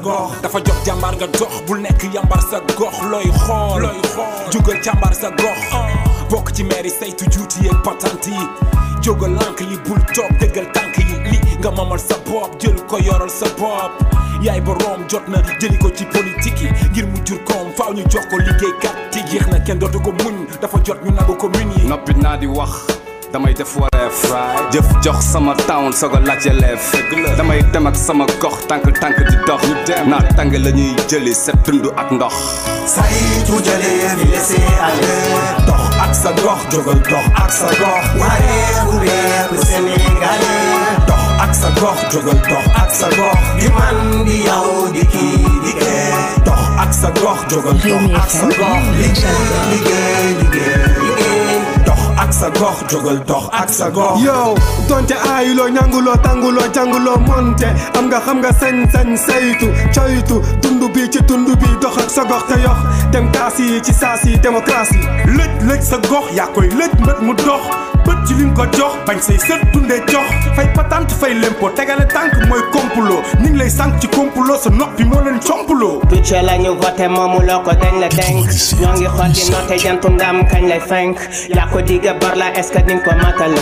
gox dafa jot jàmbaar nga dox bul nekk yàmbar sa gox looy xool looy xool jugal jàmbaar sa gox bokk ci meeri saytu juuti yeeg patant yi jógal lànk yi bul toog dëggal tànk yi li nga mamal sa bopp jël ko yoral sa bopp yaay boroom jot na jëli ko ci politique yi ngir mu jur koom faaw ñu jox ko liggéeykat yi jeex na kenn dootu ko muñ dafa jot ñu nagu commune yi noppit naa di wax damay def wareef jëf jox sama town soog a laaj yeleef damay dem sama gox tànk tànk di dox naa tàng la jële set dund ak ndox saytu jëlee bi laisser aller dox ak sa gox jógal dox ak sa gox wareefu reefu sénégalais dox ak sa gox jógal dox ak sa gox di man di yow di kii dox ak sa gox jógal dox ak sa gox liggéey liggéey liggéey ak sa gox jógal dox ak sa gox yow donte aayuloo ñanguloo tànguloo jànguloo monte am nga xam nga sañ-sañ saytu coytu tund bi ci tund bi dox ak sa gox te yox dem taas yi ci saas yi démocratie lëj lëj sa gox yaa koy lëj mbët mu dox ci liñ ko jox bañ say sët dundee jox fay patante fay lempo tegale tànk mooy complot ñu lay sànq ci complot sa noppi moo leen complot tucco la ñu voté moomu loo ko dañ la denk ñoo ngi xool di noote jantu ndam kañ lay fenk yaa ko digga bor la est-ce que di ko matale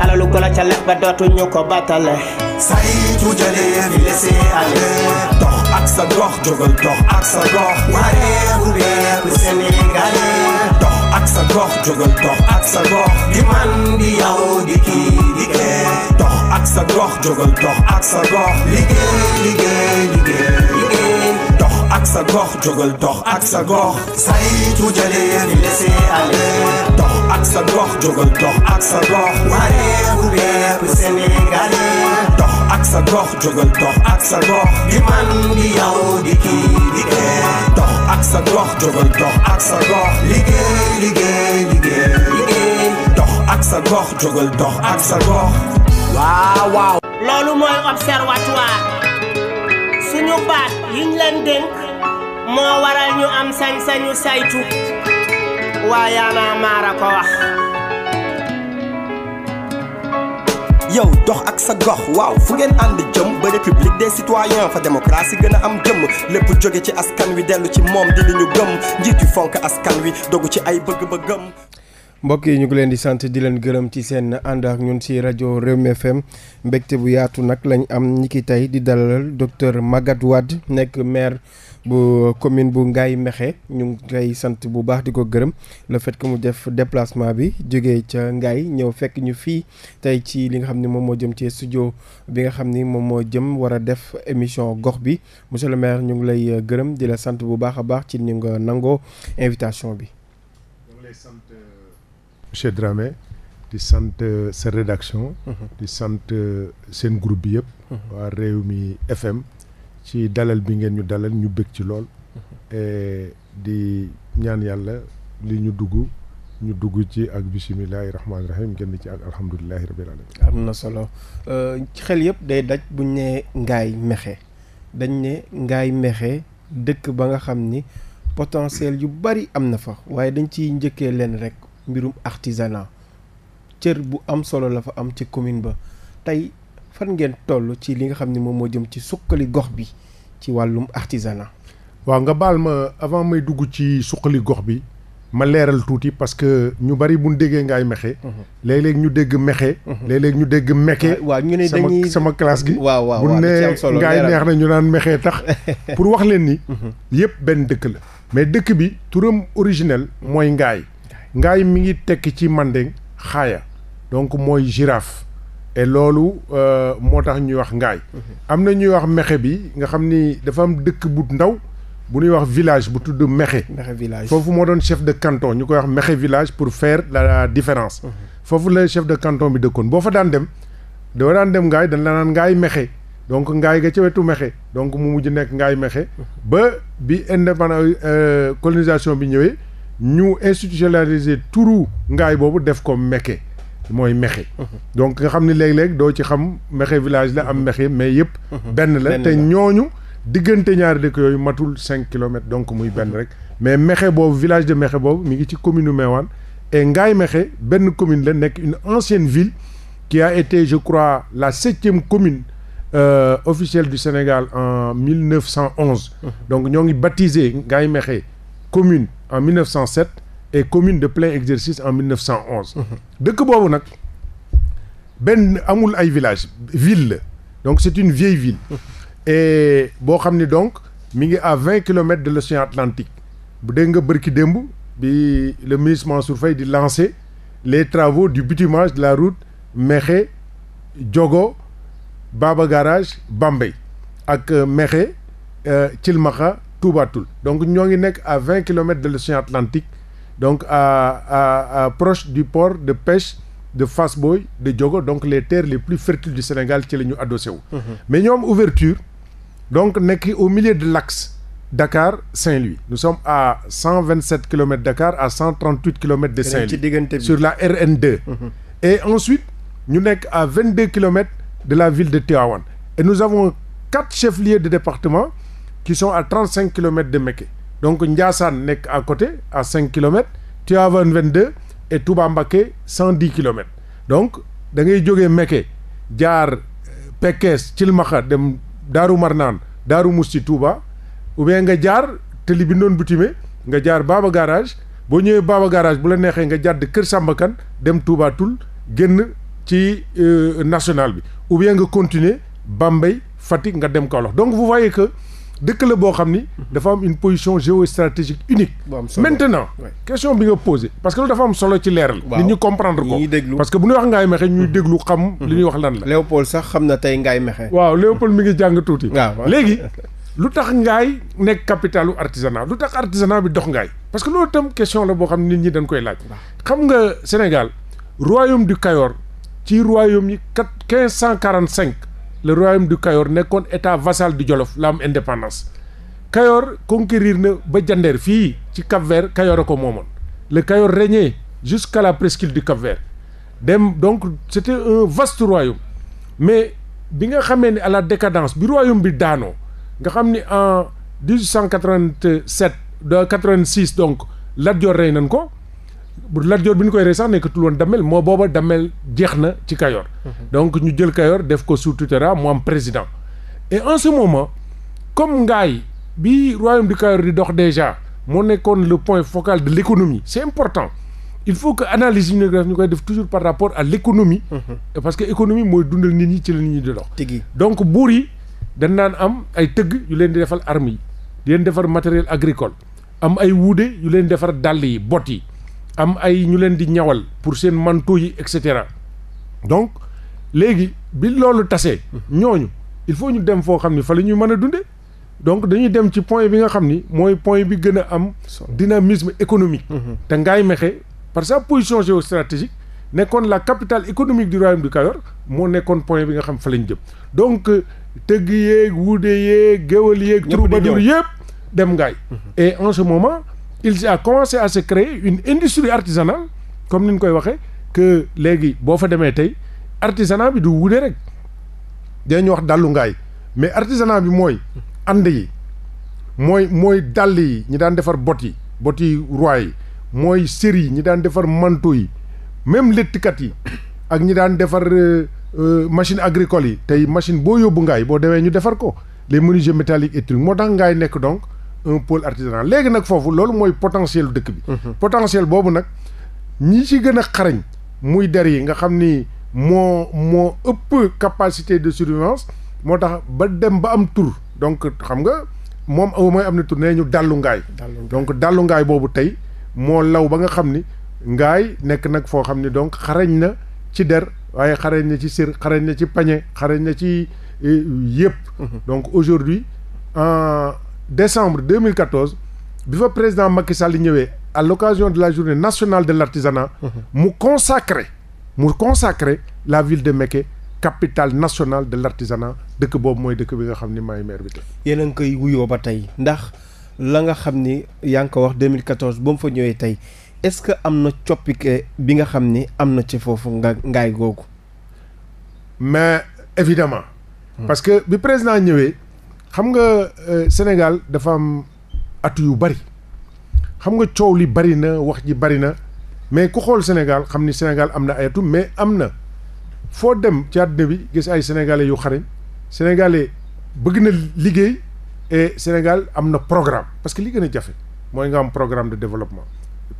alalu golo ca lex ba dootu ñu ko batale saytu jëlee bi laissé aller dox ak sa dox jógal dox ak sa dox waaye bu beeku Sénégalais ak sa gox jógal dox ak sa gox di man di yow di kii di kee dox ak sa gox jógal dox ak sa gox liggéey liggéey liggéey liggéey dox ak sa gox jógal dox ak sa gox saytu jëlee di laisser aller dox ak sa gox jógal dox ak sa gox wareeku bépp Sénégalais dox ak sa gox jógal dox ak sa gox di man di yow di kii di kee dox ak sa gox jógal dox ak sa gox liggéey liggéey dox ak sa gox jógal dox ak sa gox waaw waaw loolu mooy observatoire suñu baat yiñ leen moo waral am sañ-sañu saytu waa Y'en a marre ko yow dox ak sa gox waaw fu ngeen ànd jëm ba république des citoyens fa démocratie gën a am jëm lépp jóge ci askan wi dellu ci moom di ñu gëm njiit yu fonk askan wi dogu ci ay bëgg-bëggam mbokk yi ñu ngi leen di sant di leen gërëm ci seen ànd ak ñun si rajo Rewmi FM mbegte bu yaatu nag lañ am ñi ki tey di dalal docteur Magatte nekk maire bu commune bu ngaay Mekhe ñu ngi koy sant bu baax di ko gërëm le fait que mu def déplacement bi jóge ca Ngaye ñëw fekk ñu fii tey ci li nga xam ne moom moo jëm ci studio bi nga xam ni moom moo jëm war a def émission gox bi monsieur le maire ñu ngi lay gërëm di la sant bu baax a baax ci ñu nga nangoo invitation bi. monsieur Dramé di sant euh, sa rédaction. Mm-hmm. di sant euh, seen groupe bi yëpp. Mm-hmm. waa mi FM. ci dalal bi ngeen ñu dalal ñu bég ci lool. Mm-hmm. di ñaan yàlla li ñu dugg. ñu dugg ci ak bisimilahi rahmaani rahim génn ci ak alhamdulilahi rabil alamin am na solo euh, ci xel yëpp day daj buñ ne ngay mexe dañ ne ngaay mexe dëkk ba nga xam ni potentiel yu bari am na fa waaye dañ ci njëkkee leen rek mbirum artisanat cër bu am solo la fa am ci commune ba tey fan ngeen toll ci li nga xam ni moom moo jëm ci suqali gox bi ci wàllum artisanat waaw nga baal ma avant may dugg ci suqali gox bi ma leeral tuuti parce que ñu bari buñ déggee ngaay mexe mhm. léeg ñu dégg mexe mhm. léeg ñu dégg mekke ah, waaw ñu ne sama classe gi waaw waaw buñ ne ngaay neex na ñu naan mexee tax pour wax leen ni mhm. yëpp benn dëkk la mais dëkk bi turam originel mooy ngaay ngaay mi ngi tekki ci mandeng xaaya donc mooy girafe et loolu euh, moo tax ñuy wax ngaay mhm. am na ñuy wax mexe bi nga xam ni dafa am dëkk bu ndaw bu nuy wax village bu tudd mexe foofu moo doon chef de canton ñu koy wax mexe village pour faire la différence mhm. foofu la chef de canton bi dëkkoon boo fa daan dem doo daan dem ngaay dañ la naan ngaay mexe donc ngaay ga ca wetu mexe donc mu mujj nekk ngaay mexe mhm. ba bi indépendance euh, colonisation bi ñëwee ñu institutionnaliser turu ngaay boobu def ko Mekke mooy Mexe. donc nga xam ni léeg-léeg doo ci xam Mexe village la am Mexe mais yëpp. benn la te ñooñu diggante ñaari dëkk yooyu matul cinq kilomètres donc muy benn rek mais Mexe boobu village de Mexe boobu mi ngi ci commune u Meewaan et Ngaay Mexe benn commune la nekk une ancienne ville qui a été je crois la septième commune euh, officielle du Sénégal en 1911 donc ñoo ngi baptisé Ngaay Mexe commune en 1907 et commune de plein exercice en 1911. Mhm. dëkk boobu nag benn amul ay village ville la donc c'est une vieille ville. Mhm. et boo xam ni donc mu ngi à vingt kilomètres de l'océan Atlantique bu dégg nga bërki démb bi le ministre Mansour Faye di lancer les travaux du butimage de la route Mekhe Diogo Baba Garage Bambey ak euh, Mekhe euh, Thilmakha Touba Toul donc ñoo ngi nekk à vingt kilomètres de l'océan Atlantique donc à, proche du port de pêche de Fass Boy de Diogo donc les terres les plus fertiles du Sénégal ci la ñu adossé wu mm-hmm. mais ñoom ouverture donc nekk au milieu de l'axe Dakar Saint-Louis nous sommes à kilomètres Dakar à cent trente huit kilomètres de Saint-Louis sur la RN2 mm-hmm. et ensuite ñu nekk à kilomètres de la ville de Tivaouane et nous avons quatre chefs-lieux de département qui sont à trente cinq kilomètres de Mekké donc Ndiassane nekk à côté à cinq kilomètres Tivaouane vingt deux et Touba Mbacké cent dix kilomètres donc da ngay jógee Mekké jaar euh, Pekes Cilmaxa dem Daaru Marnaan Daaru Musti Touba ou nga jaar tëli bi doon Butimé nga jaar Baba Garage boo ñëwee baaba Garage bu la neexee nga jàdd Kër Sambakan dem Touba Toul génn ci euh, national bi ou nga continuer Bambey Fatick nga dem Kaolack donc vous voyez que dëkk la boo xam ni. dafa am une position géostratégique unique. maintenant question bi nga posé. parce que loolu dafa am solo ci leer leeral. nit ñi comprendre ko parce que bu ñuy wax Ngaye Mekhe ñuy déglu xam. Mhm. li ñuy wax lan la. Léopold sax xam na tey Ngaye Mekhe. waaw Léopold mi ngi jàng tuuti. léegi lu tax Ngaye nekk capitalu artisanat lu tax artisanat bi dox Ngaye. parce que loolu tam question la boo xam nit ñi dañ koy laaj. xam nga Sénégal royaume du Kayor ci royaume yi quatre quinze cent quarante cinq. le royaume du Kayor nekkoon état vassal du Jolof la am indépendance Kayor conquérir na ba Jandeer fii ci Cap-Vert Kayor a ko moomoon le Kayor régnait jusqu'à la presqu'île du Cap-Vert dem donc c'était un vaste royaume mais bi nga xamee ne à la décadence bi royaume bi daanoo nga xam ni en 1887 de 86 donc Lat Joor nañ ko bu Lat Joor bi ñu koy rey sax nekkatul woon Damel moo booba Damel jeex na ci Kayoor. Mhm. donc ñu jël Kayoor def ko surtout tutelle mu am président. et en ce moment comme Ngaye bi royaume du Kayoor di dox déjà moo nekkoon le point focal de l' économie important il faut que analyse yu ñu def ñu def toujours par rapport à l' économie. Mhm. parce que économie mooy dundal nit ñi ci la nit ñi di dox. donc buur yi dañ naan am ay tëgg yu leen di defal armes yi defar matériel agricole am ay wuude yu leen defar dàll yi bot yi. am ay ñu leen di ñawal pour seen manteau yi et cetera donc léegi bi loolu tasee ñooñu il faut ñu dem foo xam ni fa la ñuy mën a dunde donc dañuy dem ci point bi nga xam ni mooy point bi gën a am dynamisme économique te Ngaye Mékhé par sa position géostratégique nekkoon la capitale économique du royaume du Kayor moo nekkoon point bi nga xam fa lañ jëm donc tëgg yéeg wuude yéeg géwal yéeg troubadour yëpp dem ngay et en ce moment il a commencé à se créer une comme ni ñu koy waxee que léegi boo fa demee tey artisanat bi du wuute rek dañuy wax dallu ngaay mais artisanat bi mooy ànd yi mooy mooy dàll yi ñi daan defar bot yi bot yi roi yi mooy sér yi ñu daan defar manteau yi même léttkat yi ak ñu daan defar euh, euh, machine agricole yi tey machine boo yóbbu ngaay boo demee ñu defar ko les menuisiers métalliques moo tax ngaay nekk donc un pôle artisanal léegi nag foofu loolu mooy potentiel dëkk bi. Mhm. potentiel boobu nag ñi ci gën a xarañ muy der yi nga xam ni moo moo ëpp capacité de surveillance moo tax ba dem ba am tur donc xam nga moom au am na tur nee ñu dallu ngaay. donc dallu ngaay boobu tey moo law ba nga xam ni ngaay nekk nag foo xam ni donc xarañ na ci der waaye xarañ na ci sër xarañ na ci pañe xarañ na ci eh, yëpp. Mhm. donc aujourd'hui décembre 2014 bi fa président Macky Sall ñëwee à de la journée nationale de l'artisanat mhm. mu mmh. consacré mu consacré la ville de Mékhé capitale nationale de l'artisanat dëkk boobu mooy dëkk bi nga xam ni maay maire bi tey yéen a ngi koy wuyoo ba tey ndax la nga xam ni yaa ngi ko wax 2014 ba mu fa ñëwee tey est-ce que am na coppite bi nga xam ni am na ci foofu nga ngaay googu mais évidemment hmm. parce que bi président ñëwee xam nga euh, Sénégal dafa am atu yu bari xam nga coow li bari na wax ji bari na mais ku xool Sénégal xam ni Sénégal am na ay atu mais am na foo dem ci àddina bi gis ay sénégalais yu xarañ sénégalais bëgg na liggéey et Sénégal am na programme parce que li gën a jafe mooy nga am programme de développement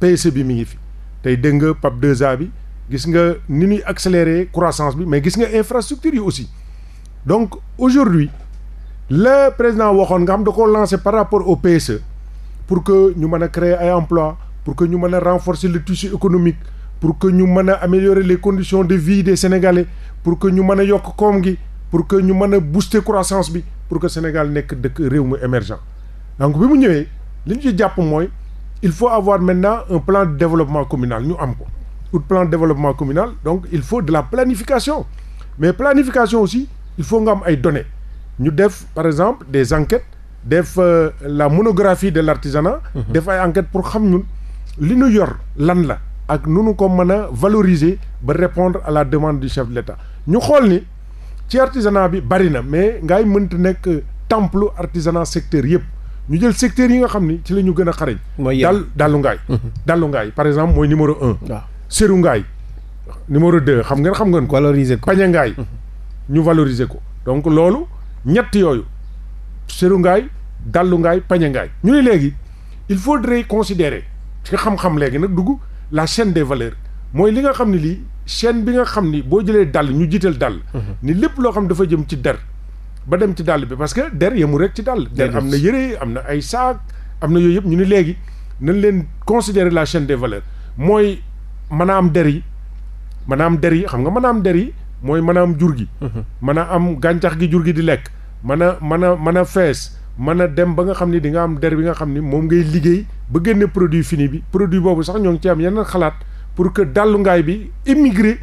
PSE bi mi ngi fi tey dégg nga PAP 2A bi gis nga ni ñuy accélérer croissance bi mais gis nga infrastructure yi aussi donc aujourd'hui le président waxoon nga xam da ko lancé par rapport au PSE pour que ñu mën a créer ay emploi pour que ñu mën a renforcer le tissu économique pour que ñu mën a améliorer les conditions de vie des sénégalais pour que ñu mën a yokk koom gi pour que ñu mën a booster croissance bi pour que Sénégal nekk dëkk réew mu émergent donc bi mu ñëwee li ñu ci jàpp mooy il faut avoir maintenant un plan de développement communal ñu am ko ou plan de développement communal donc il faut de la planification mais planification aussi il faut nga am ay données ñu def par exemple des enquêtes def euh, la monographie de l'artisanat mhm. def ay enquêtes pour xam ñun li nu yor lan la ak nu nu ko mën a valoriser ba répondre à la demande du chef de l'État ñu xool ni ci artisanat bi bari na mais ngay mënta nekk temple artisanat secteur yëpp ñu jël secteur yi nga xam ni ci la ñu gën a xarañ dal dallu ngaay mhm. dallu ngaay par exemple mooy numéro un waaw seru ngaay numéro deux xam ngeen xam ngeen ko valoriser ko pañe ngaay mhm. ñu valoriser ko donc loolu ñett yooyu seru ngaay dallu ngaay pañe ngaay ñu ne léegi il faudrait considérer ci xam-xam léegi nag dugg la chaine des valeurs mooy li nga xam ne lii chaine bi nga xam ni boo jëlee dàll ñu jiital dàll mhm. ni lépp loo xam dafa jëm ci der ba dem ci dàll bi parce que der yemu rek ci dàll der am na yëre am na ay saak am na yooyu yëpp ñu ne léegi nañ leen considérer la chaine des valeurs mooy maanaam der yi maanaam der yi xam nga maanaam der yi mooy mën a am jur gi mhm. mën a am gàncax gi jur gi di lekk mën a mën a mën a fees mën a dem ba nga xam ni di nga am der bi nga xam ni moom ngay liggéey ba génne produit fini bi produit boobu sax ñoo ngi ci am yeneen xalaat pour que dallu ngaay bi émigré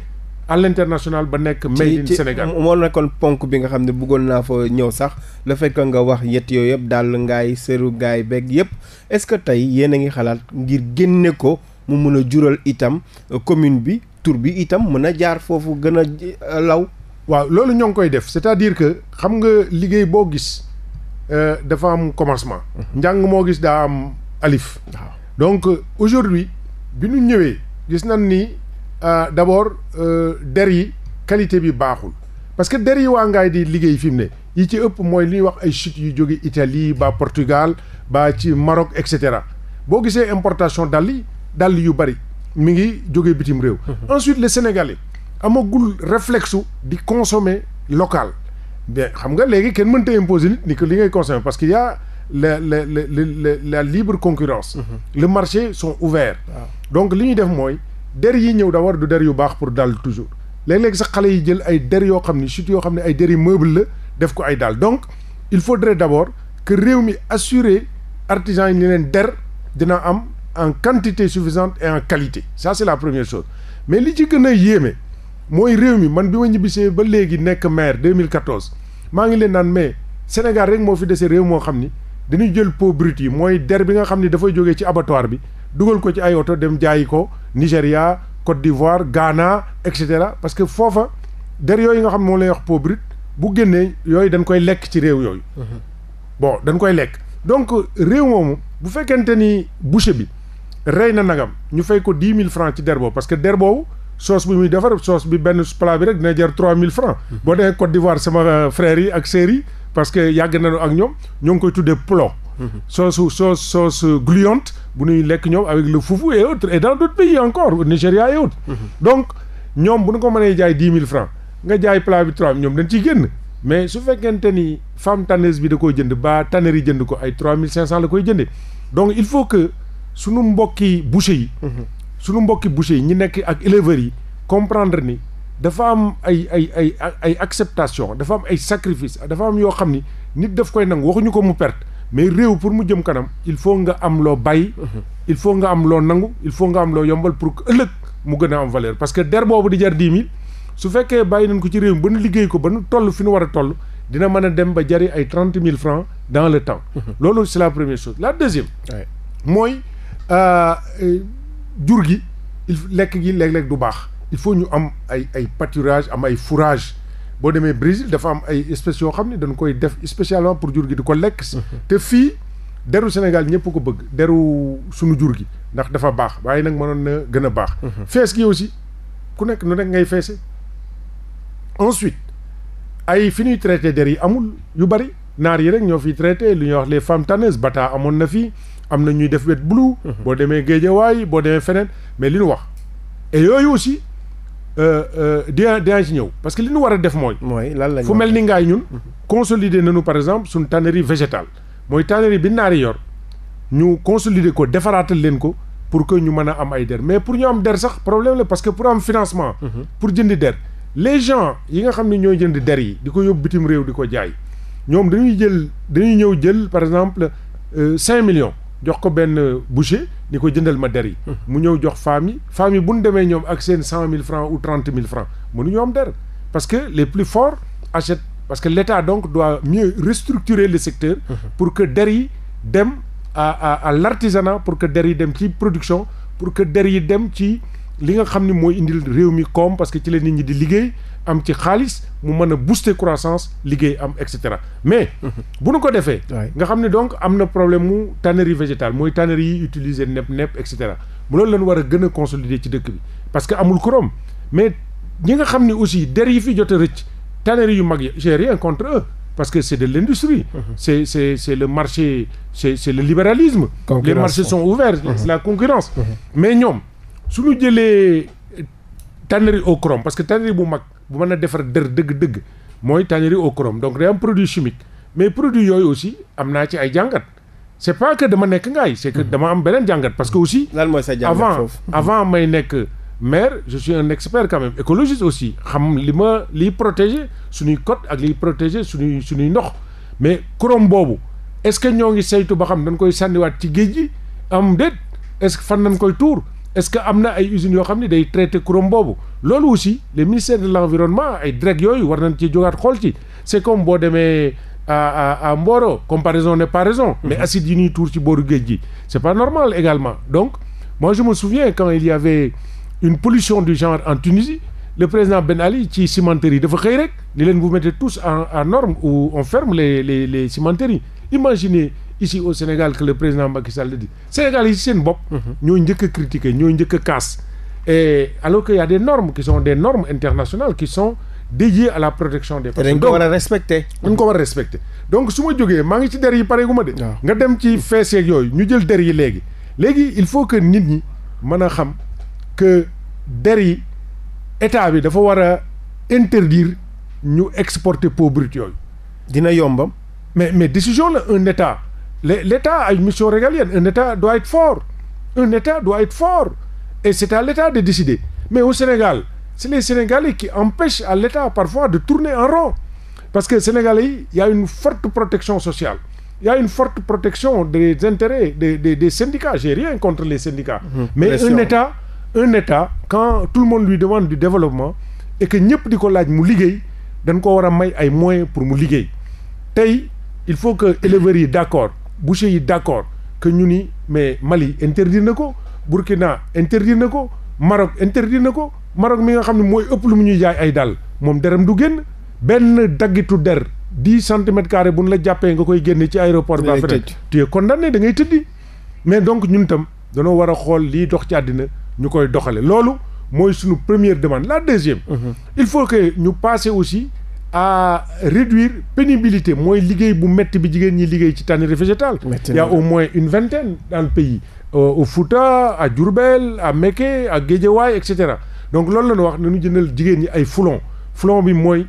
à l'international ba nekk made in Sénégal moo nekkoon ponk bi nga xam ne bëggoon naa fa ñëw sax la fekk nga wax yett yooyu yëpp dàll ngaay sëru ngaay beeg yëpp est-ce que tey yéen a ngi xalaat ngir génne ko mu mun a jural itam euh, commune bi tur bi itam mën a jaar foofu gën a euh, law waaw loolu ñoo ngi koy def c'est-à-dire que xam nga liggéey boo gis euh, dafa am commencement mhm. njàng moo gis daa am alif donc euh, aujourd'hui bi ñu ñëwee gis nañ ni d'abord der yi qualité bi baaxul parce que der yi waa ngaay di liggéey fi mu ne yi ci ëpp mooy li wax ay chute yu jóge Italie ba Portugal ba ci Maroc et cetera boo gisee importation dàll yi dàll yu bari mi ngi jógee bitim réew. Mhm. ensuite les sénégalais amagul réflexe di consommer local. bien xam nga léegi kenn mënta imposer nit ni li ngay consommer parce que y a la la la la la libre concurrence. Mhm. le marché sont ouverts. Ah. donc li ñuy def mooy der yi ñëw da war du der yu baax pour daal toujours. léeg-léeg sax xale yi jël ay der yoo xam ne chute yoo xam ne ay der yi meuble la def ko ay daal donc il faudrait d' abord que réew mi assurer artisans yi leen der dina am. en quantité suffisante et qualité ça c'est la première chose mais li ci gën a yéeme mooy réew mi man bi ma ñibbisee ba léegi nekk maire 2014 maa ngi leen naan mais Sénégal rek moo fi dese réew moo xam ni dañuy jël peau yi mooy der bi nga xam ni dafay jóge ci abattoir bi dugal ko ci ay woto dem jaayi ko Nigéria Côte d'Ivoire Ghana et cetera parce que foofa der yooyu nga xam moom lay wax peau bu génnee yooyu dañ koy lekk ci réew yooyu. Mhm. bon dañ koy lekk donc réew moomu bu fekkente ni boucher bi. rey na nagam ñu fay ko dix mille francs ci der boobu parce que der boobu soos bi muy defar soos bi benn plat bi rek dina jar trois mille francs boo demee Côte d'Ivoire sama euh, frères yi ak sœurs yi parce que yàgg ak ñoom ñoo ngi koy tuddee plo soosu soos soos gluante bu ñuy lekk ñoom avec le fufu et autres et dans d'autres pays encore Nigéria et autres donc ñoom bu ñu ko mënee jaay dix mille francs nga jaay plat bi trois ñoom dañ ciy génn mais su fekkente ni femme tanneuse bi da koy jënd ba tannerie jënd ko ay trois mille cinq cent la koy jëndee donc il faut que sunu mbokki boucher yi. Mhm. sunu mbokki boucher yi ñi nekk ak éleveurs yi comprendre ni dafa am ay ay ay ay acceptation dafa am ay sacrifice dafa am yoo xam ni nit def koy nangu waxuñu ko mu perte mais réew pour mu jëm kanam il faut nga am loo bàyyi. Mhm. il faut nga am loo nangu il faut nga am loo yombal pour que ëllëg mu gën a am valeur parce que der boobu di jar dix mille su fekkee bàyyi nañ ko ci réew mi ba nu liggéey ko ba nu toll fi nu war a toll dina mën a dem ba jari ay mille francs dans le temps. Mhm. loolu la première chose la deuxième. mooy. Euh, jur gi il lekk gi léeg-léeg du baax il faut ñu am ay ay pâturage am ay fourrage boo demee Brésil dafa am ay espèces yoo xam ne dañ koy def spécialement pour jur gi di ko lekk mhm. te fii deru Sénégal ñëpp ko bëgg deru suñu jur gi ndax dafa baax waaye nag mënoon na gën a baax mhm. fees gi aussi ku nekk nu nekk ngay feese ensuite ay fi nuy traité der yi amul yu bari naar yi rek ñoo fi traité lu ñuy wax les femmes tanneuses bata amoon na fii am na ñuy def wet blue mhm. boo demee géejawaay boo demee feneen mais li ñu wax et yooyu aussi euh, euh, dina dina ci ñëw parce que li ñu war a def mooy fu mel ni ngaay ñun mhm. consolider nañu par exemple suñu tannerie végétale mooy tannerie bi naar naari yor ñu consolider ko defaraatal leen ko pour que ñu mën a am ay der mais pour ñu am der sax problème la parce que pour am financement mhm. pour jëndi der les gens yi nga xam ni ñooy jënd der yi di ko yóbbu bitim réew di ko jaay ñoom dañuy jël dañuy ñëw jël par exemple euh, cinq millions jox ko benn boucher ni ko jëndal ma der yi mu ñëw jox femme yi femme yi bu ñu demee ñoom ak seen cent mille francs ou trente mille francs mënu ñoom der parce que les plus forts achètent parce que l'État donc doit mieux restructurer le secteur mmh. pour que der yi dem à à à pour que der yi dem ci production pour que der yi dem ci li nga xam ni mooy indil réew mi koom parce que ci la nit ñi di liggéey am ci xaalis mu mën a booster croissance liggéey am et cetera mais. Mhm. bu nu ko defee. nga xam ne donc am na problème mu tannerie végétale mooy tannerie yi utiliser nepp nepp et cetera mu loolu lañ war a gën a consolider ci dëkk bi parce que amul korom mais ñi nga xam ne aussi der yi fi jot a rëcc tannerie yu mag yi j'ai rien contre eux. parce que c'est de l'industrie mhm. c'est c'est le marché c'est le libéralisme les marchés sont mhm. la concurrence mais ñoom su ñu jëlee tannerie au chrome parce que tannerie bu mag bu mën a defar dër dëgg-dëgg mooy tannerie au chrome donc day produit chimique mais produit yooyu aussi am naa ci ay jàngat c' est pas que dama nekk nga ay est que mhm. dama am beneen jàngat parce que aussi. lan mooy sa jàngat avant mhm. avant may nekk maire je suis un expert quand même aussi xam li ma liy protéger suñuy côte ak liy protéger suñuy suñuy ndox mais chrome boobu est ce que ñoo ngi saytu ba xam dañ koy waat ci géej gi am déet est ce que fan nañ koy tuur. est-ce que am na ay usines yoo xam ne day traité kuréem boobu loolu aussi le ministère de l'environnement ay direct yooyu war nañ ci jógaat xool ci c'est comme boo demee à à à Mboro comparaison n'est pas mais mhm. acide yi ñuy tuur ci booru géej gi c'est pas normal également donc moi je me souviens quand il y avait une pollution du genre en Tunisie le président Ben Ali ci cimenterie yi dafa xëy rek ni leen vous mettez tous en en norme ou on ferme les les les cimenteries ici au Sénégal que le président Macky Sall le seen bopp. ñoo njëkk a critiquer ñoo njëkk a kaas. et alors que y a des normes qui sont des normes internationales qui sont dédiées à la protection des. personnes dañ ko war a respecter. dañ a respecter donc su ma jógee maa ngi ci der yi pareegu ma de. nga dem ci fees yooyu ñu jël der yi léegi. léegi il faut que nit ñi mën a xam que der yi état bi dafa war a interdire ñu exporter peau yooyu. dina yombam. mais mais décision la un état. l'État a une mission régalienne. Un État doit être fort. Un État doit être fort. Et c'est à l'État de décider. Mais au Sénégal, c'est les Sénégalais qui empêchent à l'État parfois de tourner en rond. Parce que Sénégalais, il y a une forte protection sociale. Il y a une forte protection des intérêts des, des, des syndicats. J'ai contre les syndicats. Mmh, Mais un État, un État, quand tout le monde lui demande du développement et que ñëpp di ko laaj mu liggéey dañ ko war a may ay moyens pour mu liggéey tey il faut que éleveurs yi d'accord bu yi d' accord que ñu ni mais Mali interdire na ko Burkina interdire na ko Maroc interdire na ko Maroc mi nga xam ne mooy ëpp lu mu ñuy jaay ay dàll moom deram du génn benn daggitu der dix centimètres carrés bu ñu la jàppee nga koy génne ci aéroport ba feneen tu es condamné da ngay tëddi mais donc ñun tam danoo war a xool lii dox ci àddina ñu koy doxale loolu mooy suñu première demande la deuxième mhm. il faut que ñu passer aussi à réduire pénibilité mooy liggéey bu métti bi jigéen ñi liggéey ci tannerie végétale il y au moins une vingtaine dans le pays euh, au Fouta à Diourbel à Mékhé à Guédiawaye et cetera donc loolu la ñu wax nañu jëndal jigéen ñi ay foulon foulon bi mooy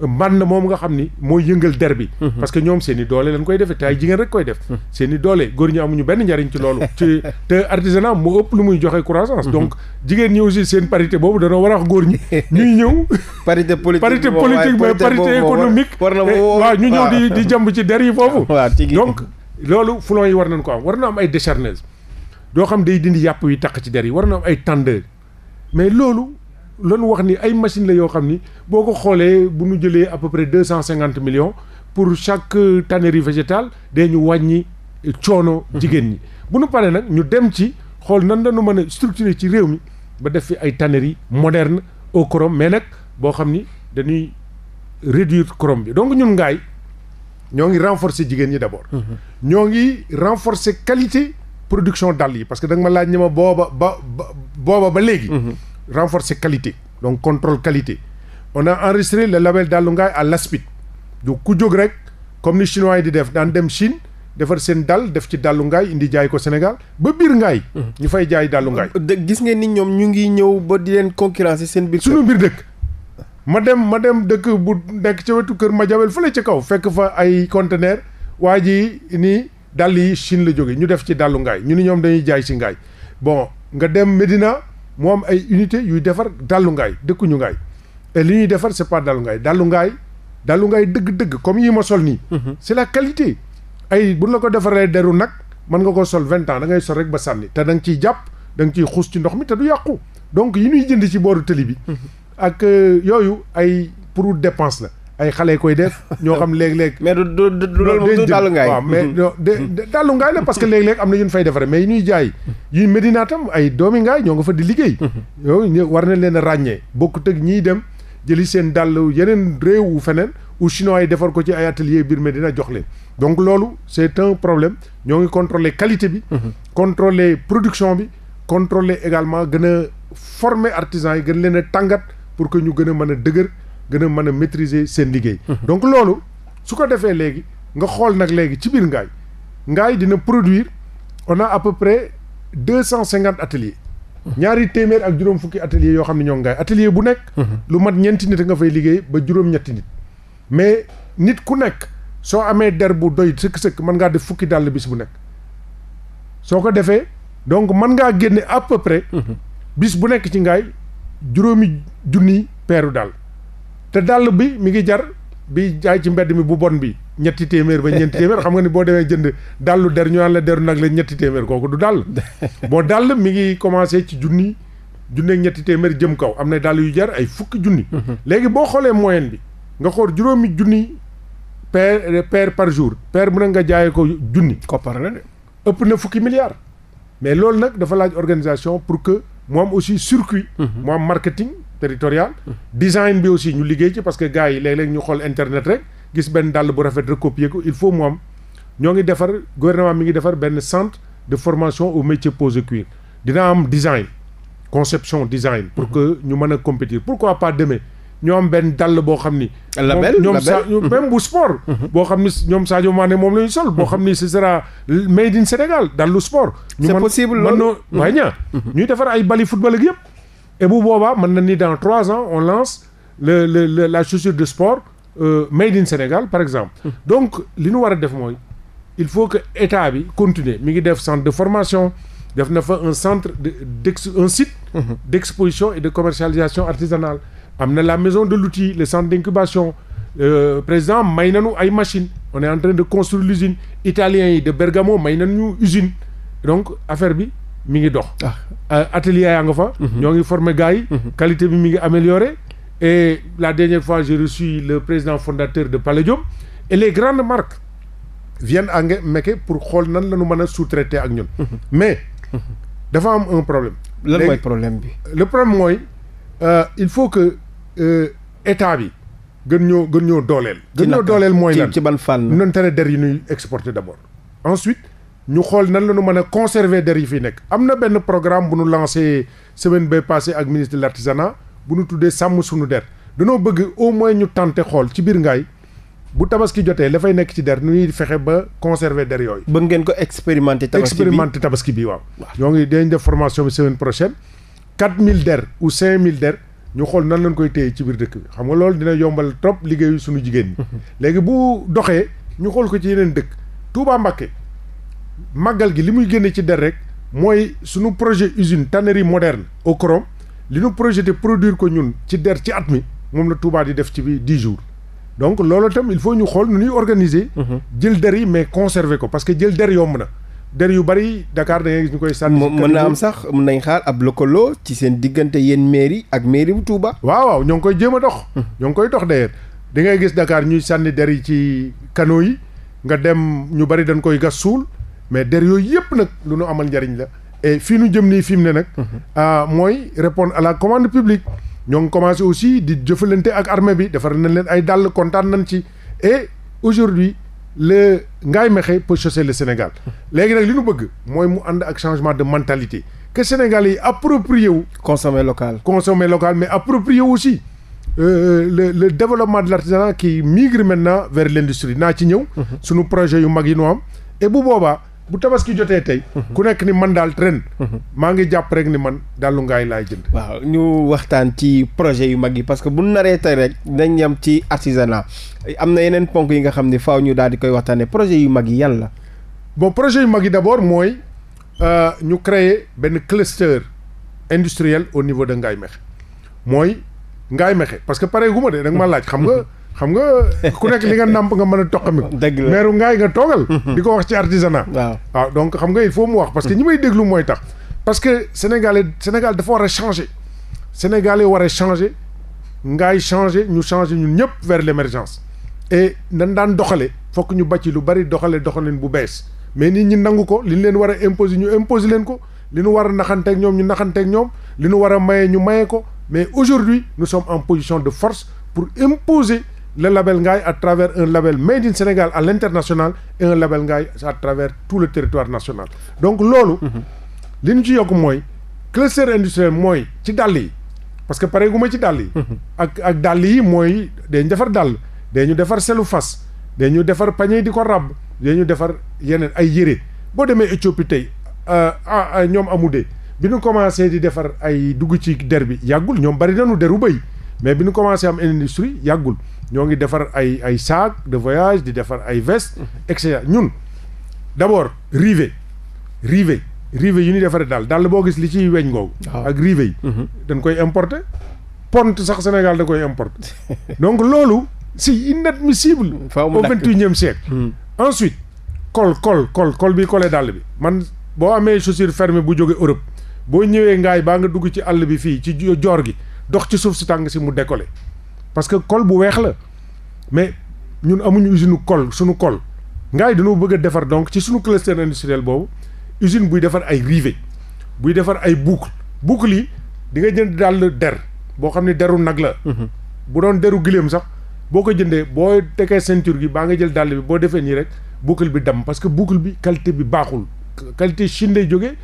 man na moom nga xam ni moo yëngal der bi mhm. parce que ñoom seeni i doole lañ koy defee te ay jigéen rek koy def mhm. seen i doole góor ñi amuñu benn njariñ ci loolu ci te artisanat moo ëpp lu muy joxe croissance mhm. donc jigéen ñi si seen parité boobu danoo war a wax góor ñi ñuy ñëw parité politique parité politique mais parité économique eh, waaw ñu ñëw di di jàmb ci der yi foofu donc loolu foulon yi war nañ ko am war na am ay décharneuse doo xam day dindi yàpp wi taq ci der yi war na am ay tendeur mais loolu loolu wax ni ay machine la yoo xam ni boo ko xoolee bu ñu jëlee à peu près deux cent cinquante pour chaque tannerie végétale dee ñu wàññi coono jigéen ñi bu ñu paree nag ñu dem ci xool nan lañu mën a structurer ci réew mi ba def fi ay tannerie moderne au chrome mais nag boo xam ni dañuy réduire chrome bi donc ñun ngaay ñoo ngi renforcer jigéen ñi d'abord ñoo ngi renforcer qualité production dàll yi parce que da nga ma laaj ñi ma booba ba booba ba léegi renforcer qualité donc contrôle qualité on a enregistré le label Dalu Ngaay à l'ASPIT du ku jóg rek comme ni chinois yi di def daan dem Chine defar seen dal def ci Dalu Ngaay indi jaay ko Sénégal ba biir Ngaay. ñu fay jaay Dalu Ngaay. Euh, gis ngeen ni ñoom ñu ngi ñëw ba di leen concurrencer seen biir. suñu biir dëkk. ma dem ma dem dëkk bu nekk ca wetu kër ma jabel fële ca kaw fekk fa ay conteneur waa ji ni dàll yi Chine la jóge ñu def ci Dalu Ngaay ñu ni ñoom dañuy jaay ci Ngaay bon nga dem Medina. moom ay unité yuy defar dallu ngaay dëkkuñu ngaay et li ñuy defar c'est pas dallu ngaay dallu ngaay dëgg-dëgg comme yi ma sol nii mhm. c'est la qualité ay bu la ko defaree deru nag mën nga ko sol vingt ans da ngay sol rek ba sànni te da nga ciy jàpp danga ciy xuus ci ndox mi te du yàqu donc yi ñuy jënd ci booru tëli bi mhm. ak euh, yooyu ay pour dépense la ay xale koy def ñoo xam léeg-léeg. mais du du du du dàllu ngaay waaw ngaay la parce que léeg-léeg am na ñun fay defaree mais ñuy jaay yuy Medina tam ay doomi ngaay ñoo nga fa di liggéey. yow war na leen a ràññee bokkut ak ñiy dem jëli seen dàll yeneen réewu feneen ou chinois yi defar ko ci ay atelier biir Medina jox leen. donc loolu c'est un problème ñoo ngi contrôler qualité bi. contrôler production bi. contrôler également gën a former artisans yi gën leen a tàngat pour que ñu gën a mën a dëgër. gën a mën a maîtriser seen liggéey. donc loolu su ko defee léegi nga xool nag léegi ci biir ngaay ngaay dina produire on a à peu près deux cent cinquante ñaari téeméer ak juróom fukki ateliers yoo xam ne ñoo ngaay atelier bu nekk. lu mat ñeenti nit nga fay liggéey ba juróom-ñetti nit. mais nit ku nekk soo amee der bu doy sëkk-sëkk mën ngaa def fukki dàll bis bu nekk soo ko defee donc mën ngaa génne à peu près. Mhm. bis bu nekk ci ngaay juróomi junni peeru dàll. te dàll bi mi ngi jar bi jaay ci mbedd mi bu bon bi ñetti téeméer ba ñeenti téeméer xam nga ni boo demee jënd dàllu der ñu naan la deru nag la ñetti téeméer kooku du dàll bon dàll mi ngi commencé ci junni junneeg ñetti téeméer jëm kaw am na dàll yu jar ay fukki junni mhm. léegi boo xoolee moyenne bi nga xool juróomi junni paire paire par jour paire bu ne nga jaayee ko junni koppar la de ëpp na fukki milliards mais loolu nag dafa laaj organisation pour que mu aussi circuit mhm. mu am marketing territoriale design bi aussi ñu liggéey ci parce que gars yi léeg ñu xool internet rek gis benn dall bu rafet recopier ko il faut mu ñoo ngi defar gouvernement mi ngi defar benn centre de formation au métier pose cuir dina am design conception design pour que ñu mën a compétir pourquoi pas demain ñoo am benn dall boo xam ni label ñoom même bu sport mhm. boo xam ni ñoom Sadio Mané moom la ñu sol boo xam ni ce sera made in Sénégal dàllu sport ñu c'est possible loolu mhm. bañ mhm. ñuy defar ay bali football ak yëpp et bu boobaa mën na ni dans trois ans on lance le le, la chaussure de sport euh, made in Sénégal par exemple. Hmm. donc li ñu war a def mooy il faut que état bi continuer mi ngi def centre de formation def na fa un centre de d'ex un site. Hmm. d'exposition et de commercialisation artisanale. am na la maison de l'outil le centre d'incubation euh, président may na nañu ay machines on est en train de construire l'usine italiens yi de Bergamo may na nañu usine donc affaire bi. mi ngi dox. Ah. atelier yaa nga fa. Mhm. ñoo ngi former gars yi. Mhm. qualité bi mi ngi amélioré. et la dernière fois j'ai reçu le président fondateur de Palais Diop et les grandes marques viennent à Mekke pour xool nan la ñu mën a sous-traiter ak ñun. Mhm. mais dafa am un problème. lan mooy problème bi. le problème mooy euh, il faut que euh, état bi gën ñoo gën ñoo dooleel. gën ñoo dooleel mooy nan ci ban fànn. ñu doon der yi ñuy exporter d'abord. ensuite ñu xool nan la ñu mën a conserver der yi fi nekk am na benn bu ñu lancé semaine bay passé ak ministre de l'artisanat bu ñu tuddee sàmm suñu der dañoo bëgg au moins ñu tenter xool ci biir ngaay bu tabaski jotee la fay nekk ci der nu ñuy fexe ba conserver der yooyu. bëgg ngeen ko expérimenter. tabaski bi expérimenter tabaski bi waaw. ñoo ngi dañ def formation bi semaine prochaine 4000 der ou 5000 der ñu xool nan lañ koy téye ci biir dëkk bi xam nga loolu dina yombal trop liggéeyu suñu jigéen ñi. léegi bu doxee ñu xool ko ci yeneen dëkk Touba Mbacké maggal gi li muy génne ci der rek mooy suñu projet usine tannerie moderne au li ñu projet de produire ko ñun ci der ci at mi moom la Touba di def ci bi dix jours donc loolu itam il faut ñu xool nu ñuy organiser. Mhm. jël der yi mais conserver ko parce que jël der yomb na. der yu bari dakaar da gis ñu koy sànni. mën na am sax mën nañ xaar ab lëkkaloo ci seen diggante yéen mairie ak mairie mu tuuba waaw waaw ñoo ngi koy jéem a dox. Mhm. ñoo ngi koy dox d'ailleurs da ngay gis Dakar ñuy sànni der yi ci canaux yi nga dem ñu bari dañ koy gas suul. mais der yooyu yëpp nag lu nu amal njariñ la e fii nu jëm nii fi mu ne nag mhm. ah, mooy répondre à la commande publique ñoo ngi commencé aussi di jëfalante ak armée bi defar nañ leen ay dàll kontaan nañ ci et aujourd'hui le Ngaye Mékhé peut chausser le Sénégal mhm. léegi nag li nu bëgg mooy mu ànd ak changement de mentalité que Sénégal yi approprié wu consommer local consommer local mais approprié aussi Euh, le le développement de l'artisanat qui migre maintenant vers l'industrie naa ci ñëw. Mmh. sunu projet yu mag yi nu boobaa bu tabaski jotee tey. Mhm. ku nekk ni man daal ren. Mhm. maa ngi jàpp rek ni man dalu ngaay laay jënd. waaw ñu waxtaan ci projet yu mag yi parce que bu naree tey rek dañ yam ci artisanat am na yeneen ponk yi nga xam ni faaw ñu daal di koy waxtaanee projet yu mag yi yan la. bon projet yu mag yi d' abord mooy euh, ñu créer benn cluster industriel au niveau de ngay Mékhé mooy Ngaye Mékhé parce que pare gu ma de da nga ma laaj xam nga. Mhm. xam nga ku nekk li nga nàmp nga mën a toqami ko meeru ngaay nga toogal di ko wax ci artisanat waaw waaw donc xam nga il faut mu wax parce que ñi may déglu mooy tax parce que sénégalais sénégal dafa war a changer sénégalais war a changer ngaay changé ñu changé ñun ñëpp vers l' émergence et nan daan doxale fokk ñu bacci lu bari doxale doxalin bu bees mais nit ñi nangu ko li ñu leen war a imposé ñu imposer leen ko li nu war a naxanteeg ñoom ñu naxanteeg ñoom li ñu war a maye ñu maye ko mais aujourd'hui nous sommes en position de force pour imposer le label Ngaye à travers un label Made Sénégal à l'international et un label Ngaye à travers tout le territoire national donc loolu li ñu ci yokk mooy cluster industriel mooy ci dàll yi parce que pare gu ma ci dàll yi ak ak dàll yi mooy dañu defar dàll dañu defar selu fas dañu defar pañe di ko ràbb dañu defar yeneen ay yére boo demee Éthiopie tey euh, ah, ah, ñoom amude bi ñu commencé di defar ay dugg ci der bi yàggul ñoom bari nañu deru bëy mais bi ñu commencé am industrie yàggul ñoo ngi defar ay ay sac de voyage di defar ay veste et cetera ñun d'abord rivet rivet rivet yu ñuy defaree daal daal boo gis li ciy weñ googu ah. ak rivet yi mhm. dañ koy importer pont sax Sénégal da koy importer donc loolu c'est inadmissible au vingt-et-unième siècle mhm. ensuite col kol col col bii colee dàll bi man boo amee chaussure ferme bu jóge Europe boo ñëwee ngaay baa nga dugg ci àll bi fii ci joor gi dox ci suuf si tàng si mu décollé parce que col bu weex la mais ñun amuñu usine kol suñu col ngaa yi dañoo bëgg a defar donc ci suñu cluster industriel boobu usine buy defar ay rivet buy defar ay boucle boucle yi di nga jënd daal der boo xam ne deru nag la mhm. bu doon deru giléem sax boo ko jëndee boo tegee ceinture gi baa nga jël dàll bi boo defee nii rek boucle bi dam parce que boucle bi qualité bi baaxul qualité Chine lay jóge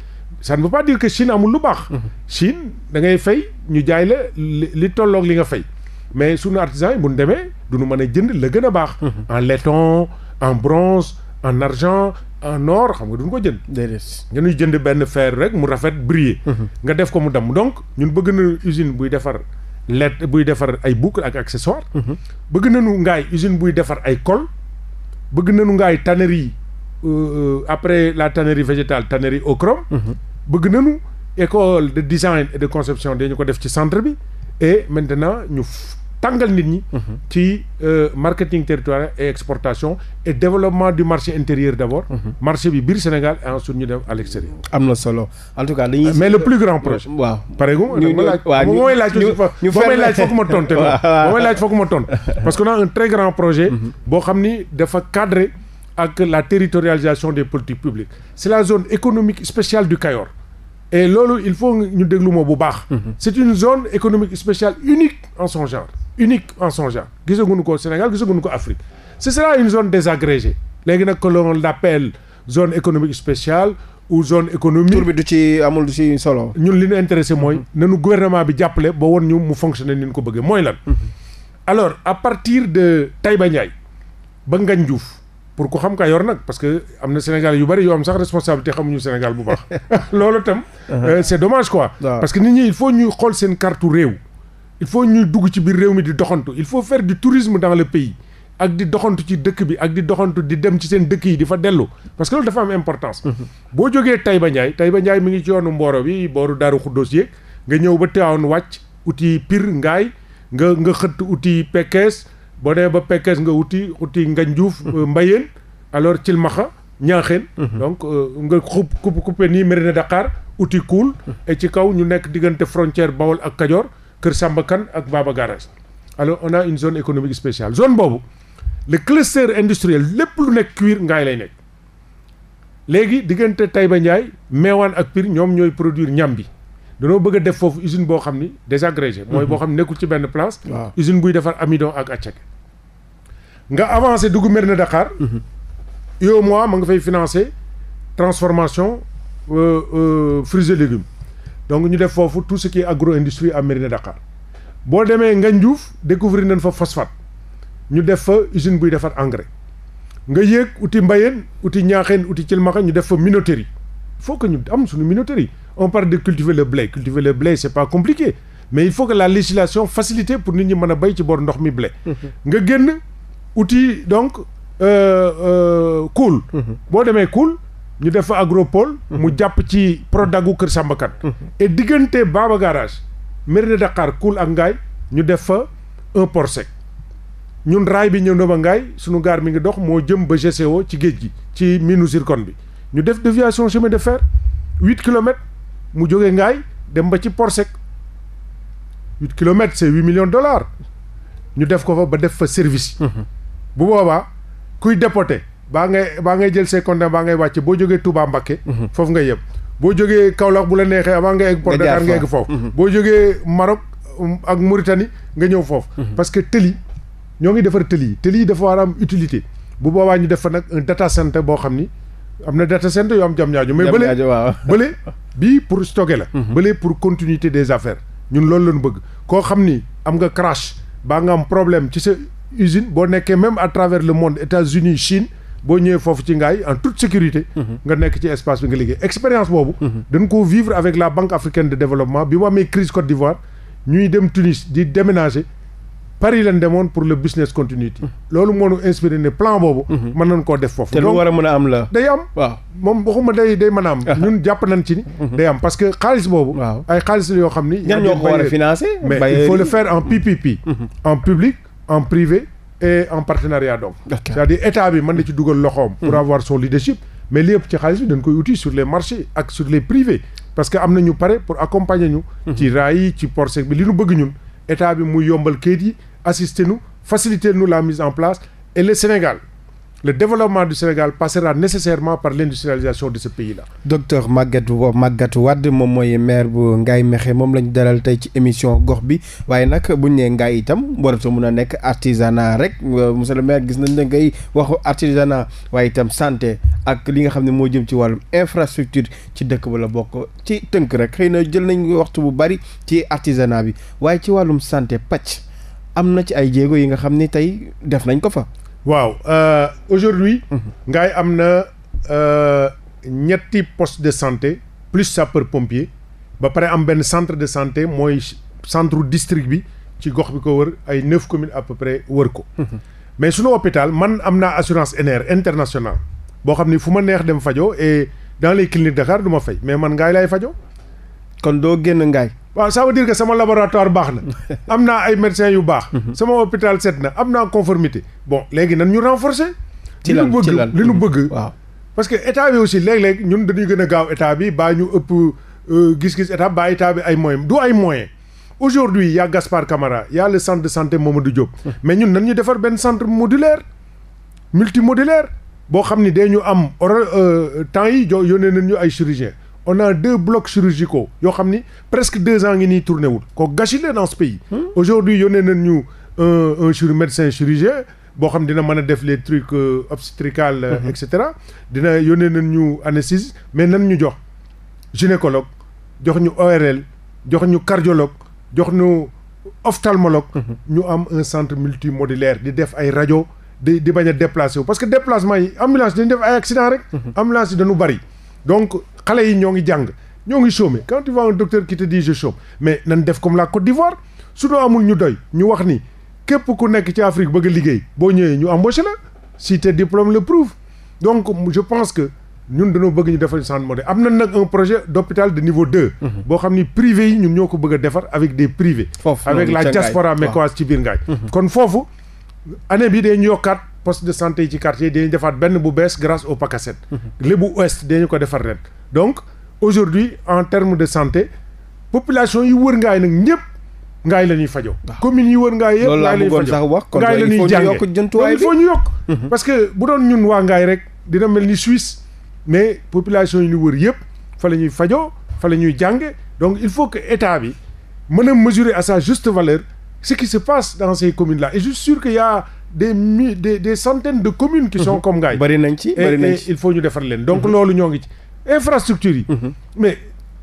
ça ne veut pas dire que amul lu baax mhm. Chine da ngay fay ñu jaay la li tolloog li nga fay mais sunu artisans yi bu ñu demee du ñu mën a jënd la gën a baax. Mhm. en laiton en bronze en argent en or xam nga du ñu ko jënd. déedéet nga ñuy jënd benn fer rek mu rafet briller. Mhm. nga def ko mu damm donc ñun bëgg na usine buy defar lait buy defar ay boucle ak accessoire mhm. bëgg nañu ngaay usine buy defar ay col. bëgg nañu ngaay tannerie euh, euh, après la tannerie végétale tannerie au chrome. bëgg nañu école de design et de conception dañu ko def ci centre bi. et maintenant ñu tàngal nit ñi. Mhm. ci euh, marketing territorial et exportation et développement du marché intérieur d' abord. Mhm. marché bi biir Sénégal et ensuite ñu dem à l' am na solo en tout cas dañuy. Euh, mais le plus grand projet. waaw pare gu ma laaj waaw ñu laaj ba ma tonte ba may laaj foog ma tonte parce que a un très grand projet. Mhm. boo xam ni dafa cadré ak la territorialisation des politiques publiques c' la zone économique spéciale du Cayor. et loolu il faut ñu déglu moo bu baax. Mhm. c'est une zone économique spéciale unique en son genre unique en son genre gisaguñu ko Sénégal gisaguñu ko Afrique ce sera une zone désagrégée léegi nag que l'on l'appelle zone économique spéciale ou zone économique. tur bi du ci amul du ci solo. ñun li ñu intéressé mooy. Mhm. nu gouvernement bi jàppale ba woon ñu mu fonctionner ni ñu ko bëggee mooy lan. Mhm. alors à partir de Taïba Ndiaye ba Ngagne Diouf pour ku xam kaa yor nag parce que am na Sénégal yu bari yoo am sax responsabilité xamuñu Sénégal bu baax loolu tam uh-huh. euh, c'est dommage quoi parce que nit ñi il faut ñuy xool seen carte réew il faut ñuy dugg ci biir réew mi di doxantu il faut faire du tourisme dans le pays ak di doxantu ci dëkk bi ak di doxantu di dem ci seen dëkk yi di fa dellu parce que loolu dafa am importance uh-huh. boo jógee Taïba Ndiaye Taïba Ndiaye mi ngi ci yoonu Mboro bi booru Daaru Xuddoos yeeg nga ñëw ba Tivaouane wàcc uti Pire Ngaay nga nga xëtt uti Pekes boo demee ba Pekes nga wuti wuti Nganjuuf. Euh, Mbayeen alors Cilmaxa Ñaaxeen. Mhm. donc euh, nga xub xub coupé nii Mérina daqaar uti Kuul. Mhm. et ci kaw ñu nekk diggante frontière Bawol ak Kajoor Kër Samba Kane ak Baba Garage. alors on a une zone économique spéciale zone boobu le cluster industriel lépp lu nekk cuir ngaay lay nekk léegi diggante Taïba Ndiaye Meewaan ak Pire ñoom ñooy produir ñam bi. danoo bëgg a def foofu usine boo xam ni désagrégé mooy boo mhm. xam ne nekkul ci benn place usine buy defar amidon ak acceke nga avancé dugg Mérina Dakhar mhm. UEMOA ma nga fay financé transformation euh, euh, fruits et légumes donc ñu def foofu tout ce qui est agro-industrie à Mérina Dakhar boo demee Ngandiouf découvrir nañ fa phosphate ñu def fa usine buy defar engrais nga yéeg uti mbayeen uti ñaaxeen uti cilmaxa ñu def fa minoterie il faut ñu am suñu minoterie on parle de cultiver le blé cultiver le blé c'est pas compliqué mais il faut que la législation facilite pour nit ñi mën a béy ci bor ndox mi blé mhm. nga génn outil donc kuul euh, euh, mhm. boo demee kuul ñu def fa agro agropole mhm. mu jàpp ci prodagu kër sàmbakat et diggante Baba Garage mairie de kuul ak ngaay ñu def fa un port ñun raay bi ñëw na ba ngaay sunu gaar mi ngi dox moo jëm ba GCO ci géej gi ci minu zircon bi ñu def déviation chemin de fer huit kilomètres mu jóge ngaay dem ba ci porsek huit kilomètres c'est huit millions de dollars ñu def ko fa ba def fa service. Mhm. bu boobaa kuy dépoté baa ngay baa ngay jël ses conteneurs baa ngay wàcce boo jógee Touba Mbacké mhm. foofu nga yem boo jógee Kaolack bu la neexee avant nga egg Port Dakar nga egg foofu mhm. boo jógee Maroc um, ak Mauritanie nga ñëw foofu parce que tëli ñoo ngi defar tëli yi tëli yi dafa war am utilité bu boobaa ñu def fa nag un boo xam ni am na data center yoo am jam ñaajo mais bële bële bii pour stocker la mhm. bële pour continuité des affaires ñun loolu lañu bëgg koo xam ni am nga crash baa nga am problème ci sa usine boo nekkee même à travers le monde États-Unis Chine boo ñëwee foofu ci ngaay en toute sécurité mhm. nga nekk ci espace bi nga liggéey expérience boobu mhm. dañ ko vivre avec la Banque africaine de développement bi mu amee crise Côte d'Ivoire ñuy dem Tunis di déménager Paris lañ demoon pour le business continuity loolu moo ñu inspiré ne plan boobu. Mhm. mën nañ koo def foofu. te lu war a mën a am la. day am moom waxuma day day mën a am. ñun jàpp nañ ci ni. Mhm. day am parce que xaalis boobu. waaw ay xaalis yoo xam ni. ñan ñoo ko war a financé. mais il faut le faire en PPP. Mhm. en public en privé et en partenariat donc. c'est-à-dire état bi mën na ci dugal loxoom. pour avoir son leadership. mais li yëpp ci xaalis bi dañ koy uti sur l marchés ak sur les que am na ñu pare pour accompagner ñu. ci yi ci port sec bi li bëgg ñun. état bi mu yombal kayit yi assister nu facilité nu la mise en place et le Sénégal le développement du Sénégal passera nécessairement par l'industrialisation de ce pays-là. docteur Magatte Magatte moom mooy maire bu ngay mexe moom la ñu dalal tey ci émission gox bi waaye nag bu ñu nee Ngaye itam waratu mun a nekk artisanat rek euh, monsieur le maire gis nañ ne ngay waxu artisana waaye itam santé ak li nga xam ne moo jëm ci wàllum infrastructure ci dëkk ba la bokk ci tënk rek xëy na jël nañ waxtu bu bari ci artisanat bi waaye ci wàllum santé pàcc am na ci ay jéego yi nga xam ne tey def nañ ko fa. waaw euh, aujourd'hui mhm. Ngaye am na euh, ñetti poste de santé plus sapeur pompier ba pare am benn centre de santé mooy centre district bi ci gox bi ko wër ay neuf commune à peu près wër ko mhm. mais sunu hôpital man am naa assurance NR internationale boo xam ni fu ma neex dem fajo et dans les cliniques Dakar du ma fay mais man Ngaye laay fajo kon doo génn ngaay waaw ça veut dire que sama laboratoire baax na am naa ay médecins yu baax mhm. sama hôpital set na am naa conformité bon léegi nan ñu renforcer ci lan ci lan li ñu bëgg mhm. waaw parce que état bi aussi léeg-léeg ñun dañuy gën a gaaw état bi baa ñu ëpp euh, gis-gis état baa état bi ay moyens du ay moyens aujourd'hui y a Gaspard Camara y a le centre de santé Mamadou Diop mhm. mais ñun nan ñu defar benn centre modulaire multimodulaire boo xam ni day ñu am or euh, temps yi jo yónnee nañ ñu ay chirurgien on a deux blocs chirurgicaux yoo xam ni presque deux ans ngi nii tourné wul ko gâchis la dans ce pays. Hmm? aujourd'hui yónnee nañ ñu un un chirurgien médecin chirurgien boo xam dina mën a def les trucs euh, obstétricales. Euh, hmm. et cetera dina yónnee nañ ñu anesthésiste mais nan ñu jox gynécologue jox ñu ORL jox ñu cardiologue jox ñu ophtalmologue. Hmm. ñu am un centre multimodulaire di def ay rajo di di bañ a déplacé wu parce que déplacement yi ambulance dañu def ay accident rek. ambulance dañu bari. donc xale yi ñoo ngi jàng ñoo ngi chômé quand tu vois un docteur di te dit mais nan def comme la Côte d'Ivoire suñu amul ñu doy ñu wax ni képp ku nekk ci Afrique bëgg liggéey boo ñëwee ñu am embauché la si tes diplômes le prouvent donc je pense que ñun dañoo bëgg ñu defar centre modèle am na nag un projet d'hôpital de niveau deux mhm. boo xam ni privé yi ñun ñoo ko bëgg a defar avec des privés avec la diaspora mécoise ci biir ngaay mhm. kon foofu année bi day ñu yokkaat poste de santé yi ci quartier dañuy defaat benn bu bees grâce au PACASET mhm. lébu ouest dañu ko defar ren donc aujourd'hui en terme de santé population yi wër ngaay nag ñëpp ngaay la ñuy fajoo communes yi wër ngaay yëpp ngaay la ñuy fajoo ngaay la ñuy jànge donc il faut ñu yokk mhm. parce que ñun waa ngaay rek dina mel ni Suisse mais population yi ñu wër yëpp fa la ñuy fajoo fa la ñuy jànge donc il faut que état bi mën a mesurer à sa juste valeur ce qui se passe dans ces communes-là et je suis sûr qu'il des mi des des centaines de communes qui sont mhm. comme gars yi bari nañ ci bari ñu defar leen donc mhm. loolu ñoo ngi ci infrastructure yi mhm. mais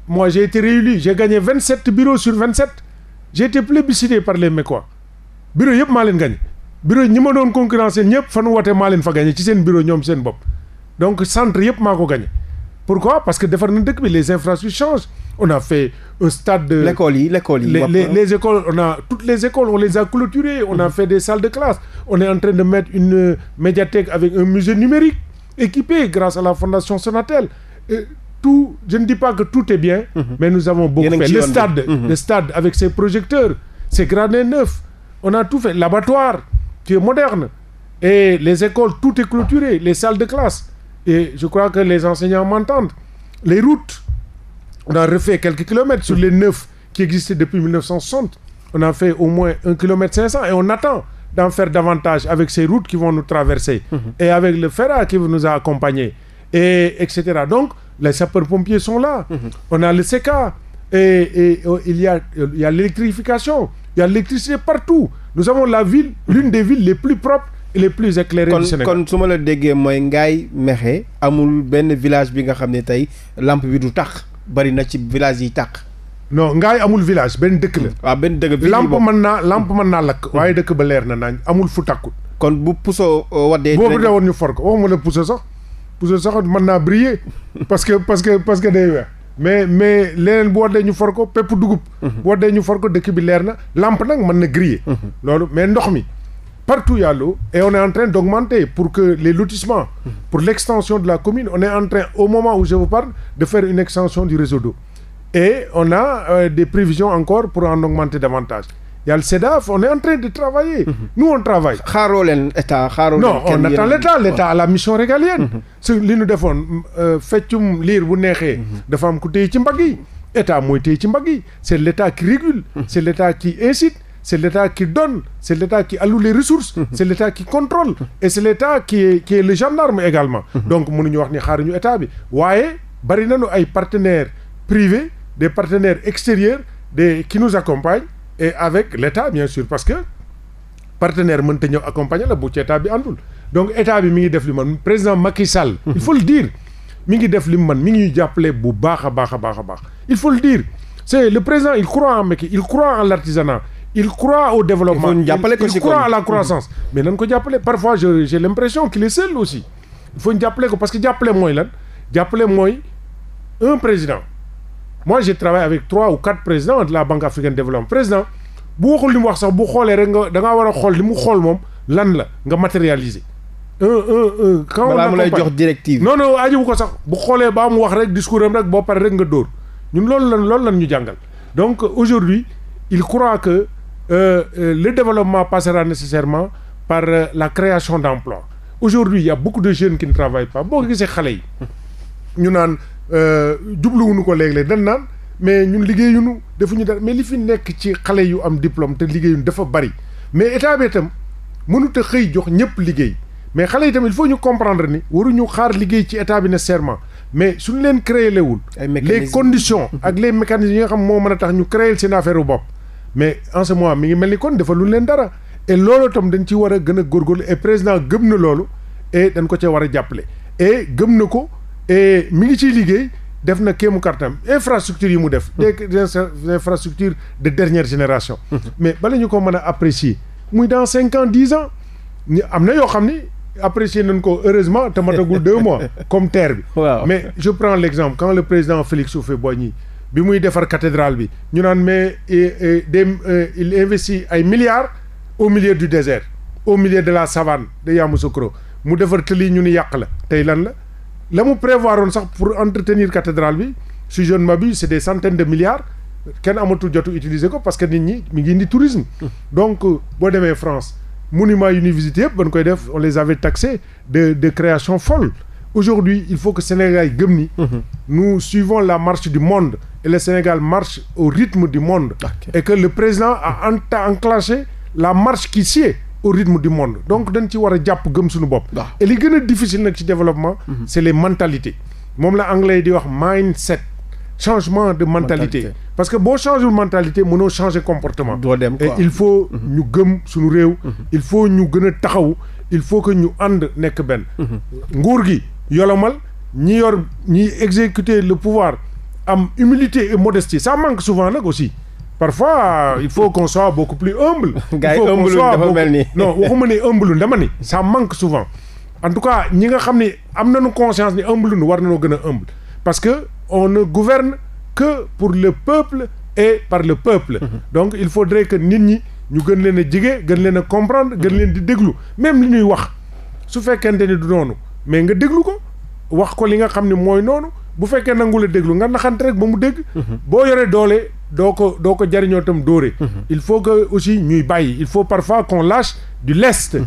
moi j'ai été réélu j'ai gagné vingt sept sur vingt sept j'ai été plébiscité par les Mécois bureau yëpp maa leen gagné bureau ñi ma doon concurrencé ñëpp fan nu wootee maa leen fa gagné ci seen bureau ñoom seen bopp donc centre yëpp maa ko gagné pourquoi parce que defar na dëkk bi les infrastructures changent on a fait un stade de. l'école yi l'école yi. les les, les écoles on a toutes les écoles on les a clôturées. on a mhm. fait des salles de classe. on est en train de mettre une euh, médiathèque avec un musée numérique équipé grâce à la fondation Sonatel. Et, tout je ne dis pas que tout est bien. Mm -hmm. mais nous avons beaucoup fait mhm. le stade. avec ses projecteurs ses gradins neufs on a tout fait l'abattoir qui est moderne et les écoles tout est clôturé les salles de classe et je crois que les enseignants m'entendent les routes on a refait quelques kilomètres sur les neuf qui existaient depuis 1960. On a fait au moins un kilomètre 500 et on attend d'en faire davantage avec ces routes qui vont nous traverser mmh. et avec le FERA qui nous a et etc. Donc les sapeurs-pompiers sont là. Mmh. On a le SECA et, et, et il y a il y a l'électrification, il y a l'électricité partout. Nous avons la ville, l'une des villes les plus propres et les plus éclairées kon, du Sénégal. kon su ma la déggee mooy Ngaye amul benn village bi nga xam ne tey lampe bi du tax. bari na ci village yi tàq. non ngaay amul village benn dëkk la. waaw benn dëkk bi lamp mën naa lamp mën naa lakk. waaye dëkk ba leer na naañ amul fu tàkkut. kon bu puso uh, waddee. boobu de woon ñu for ko waxuma la puso sax puso sax mën naa briller parce que parce que parce que day weex. mais mais leneen bu waddee ñu for ko pépp dugub. Mhm. bu dee ñu forko dëkk bi leer na lamp nag mën na griller. Mhm. loolu mais ndox mi. Partout, il y a l'eau. Et on est en train d'augmenter pour que les lotissements, pour l'extension de la commune, on est en train, au moment où je vous parle, de faire une extension du réseau d'eau. Et on a euh, des prévisions encore pour en augmenter davantage. Il y a le CEDAF, on est en train de travailler. Mm -hmm. Nous, on travaille. xaaroo leen état xaaroo non on attend l'état à la mission régalienne. su mhm. li ñu defoon euh, feccum liir bu neexee. Mhm. dafa am ku téye ci mbagg yi état mooy téye ci mbagg yi c' l' état qui c'est l'État qui donne, c'est l'État qui alloue les ressources, mhm. c'est l'État qui contrôle et c'est l'État qui est qui est le gendarme également. Mhm. donc mënuñu wax ni xaaruñu état bi waaye bari nañu ay partenaires privés des partenaires extérieur des qui nous accompagnent et avec l'État bien sûr parce que partenaire mënta ñëw accompagner la bu ci état bi àndul donc état bi mi ngi def li man président Macky Sall. Mhm. il faut le dire mi ngi def li man mi ngi ñuy jàppale bu baax a baax a baax a baax il faut le dire c'est le président il croit il croit en l'artisanat il croit au développement il, il croit à la croissance mm. mais nan ko jàppale parfois je j'ai l'impression qu'il est seul aussi il faut ñu jàppale ko parce que jàppale mooy lan jàppale mooy président moi j'ai travaillé avec trois ou quatre présidents de la Banque africaine de développement président bu waxul li mu wax sax bu xoolee rek nga da war a xool li mu xool moom lan la nga matérialiser un un un quand balaa lay jox directive non non ajibu ko sax bu xoolee baa mu wax rek discours am rek boo pare rek nga dóor ñun loolu lan loolu lan ñu jàngal Euh, euh, le développement passera nécessairement par euh, la création d'emplois aujourd'hui il y a beaucoup de jeune qui ne pas boo ko gisee xale yi ñu naan jubluwuñu ko léeg-léeg dañ mais ñun liggéeyuñu defuñu dara mais li fi nekk ci xale yu am diplôme te liggéeyuñu dafa bari mais état bi itam mënut a xëy jox ñëpp liggéey mais xale yi tamit il faut ñu comprendre ni waruñu xaar liggéey ci état bi nécessairement mais suñu leen créé lewul les condition ak les mécanismes yi nga xam moo mën a tax ñu créer seen affaire u mais en ce mi ngi mel ni kon dafa lu leen dara et loolu itam dañ ci war a gën a góorgóorlu e président gëm na loolu et dañ ko ca war a jàppale et gëm na ko e mi ngi ciy liggéey def na kéemu kartam infrastructure yi mu def des infrastructure de dernière génération mais bala ñu ko mën a apprécier muy dans cinq ans dix ans am na yoo xam ni apprécier nañ ko heureusement te matagul deux mois comme terre bi mais je prends l'exemple quand le président Félix Houphouët-Boigny bi muy defar cathédrale bi ñu naan mais des euh, il investit ay milliards au milieu du désert au milieu de la savane de Yamoussoukro mu defar tëli ñu ni yàq la tey lan la la mu prévoir woon sax pour entretenir cathédrale bi si je ne bi c'est des centaines de milliards kenn amatul jotu utiliser ko parce que nit ñi mi ngi indi tourisme donc boo demee France monument yu ñuy visité yëpp ban koy def on les avait taxés de de création folle aujourd'hui il faut que Sénégal gëm ni mmh nous suivons la marche du monde le Sénégal marche au rythme du monde. Okay. Et que le président a enclenché la marche qui sied au rythme du monde donc dañ ci war a jàpp gëm suñu bopp. et li gën a difficile nag ci développement. Mhm. c'est les mentalités. moom la anglais di wax mindset. changement de mentalité. parce que boo changé mentalité mënoo changer comportement. doo dem quoi et il faut mhm. ñu gëm suñu réew. Mhm. il faut ñu gën a taxaw. il faut que ñu ànd nekk benn. nguur gi yolomal ñi yor ñi exécuter le pouvoir. am humilité et modestie ça manque souvent nag aussi parfois il faut qu'on soit beaucoup plus humble gars yi humble dafa mel ni non waxuma ne humble dama ni ça manque souvent en tout cas ñi nga xam ne am na nañu conscience ni humble war na nañoo gën a humble parce que on ne que pour le peuple et par le peuple mhm. donc il faut faudrait que nit ñi ñu gën leen a jige gën leen a comprendre gën mhm. leen di déglu même li ñuy wax su fekkente ni du noonu mais nga déglu ko wax ko li nga xam ne mooy noonu bu fekkee nangu la déglu nga naxante rek ba mu dégg. boo yoree doole doo ko doo ko jariñoo itam dóore. il faut que aussi ñuy bàyyi il faut parfois qu'on lâche du lest.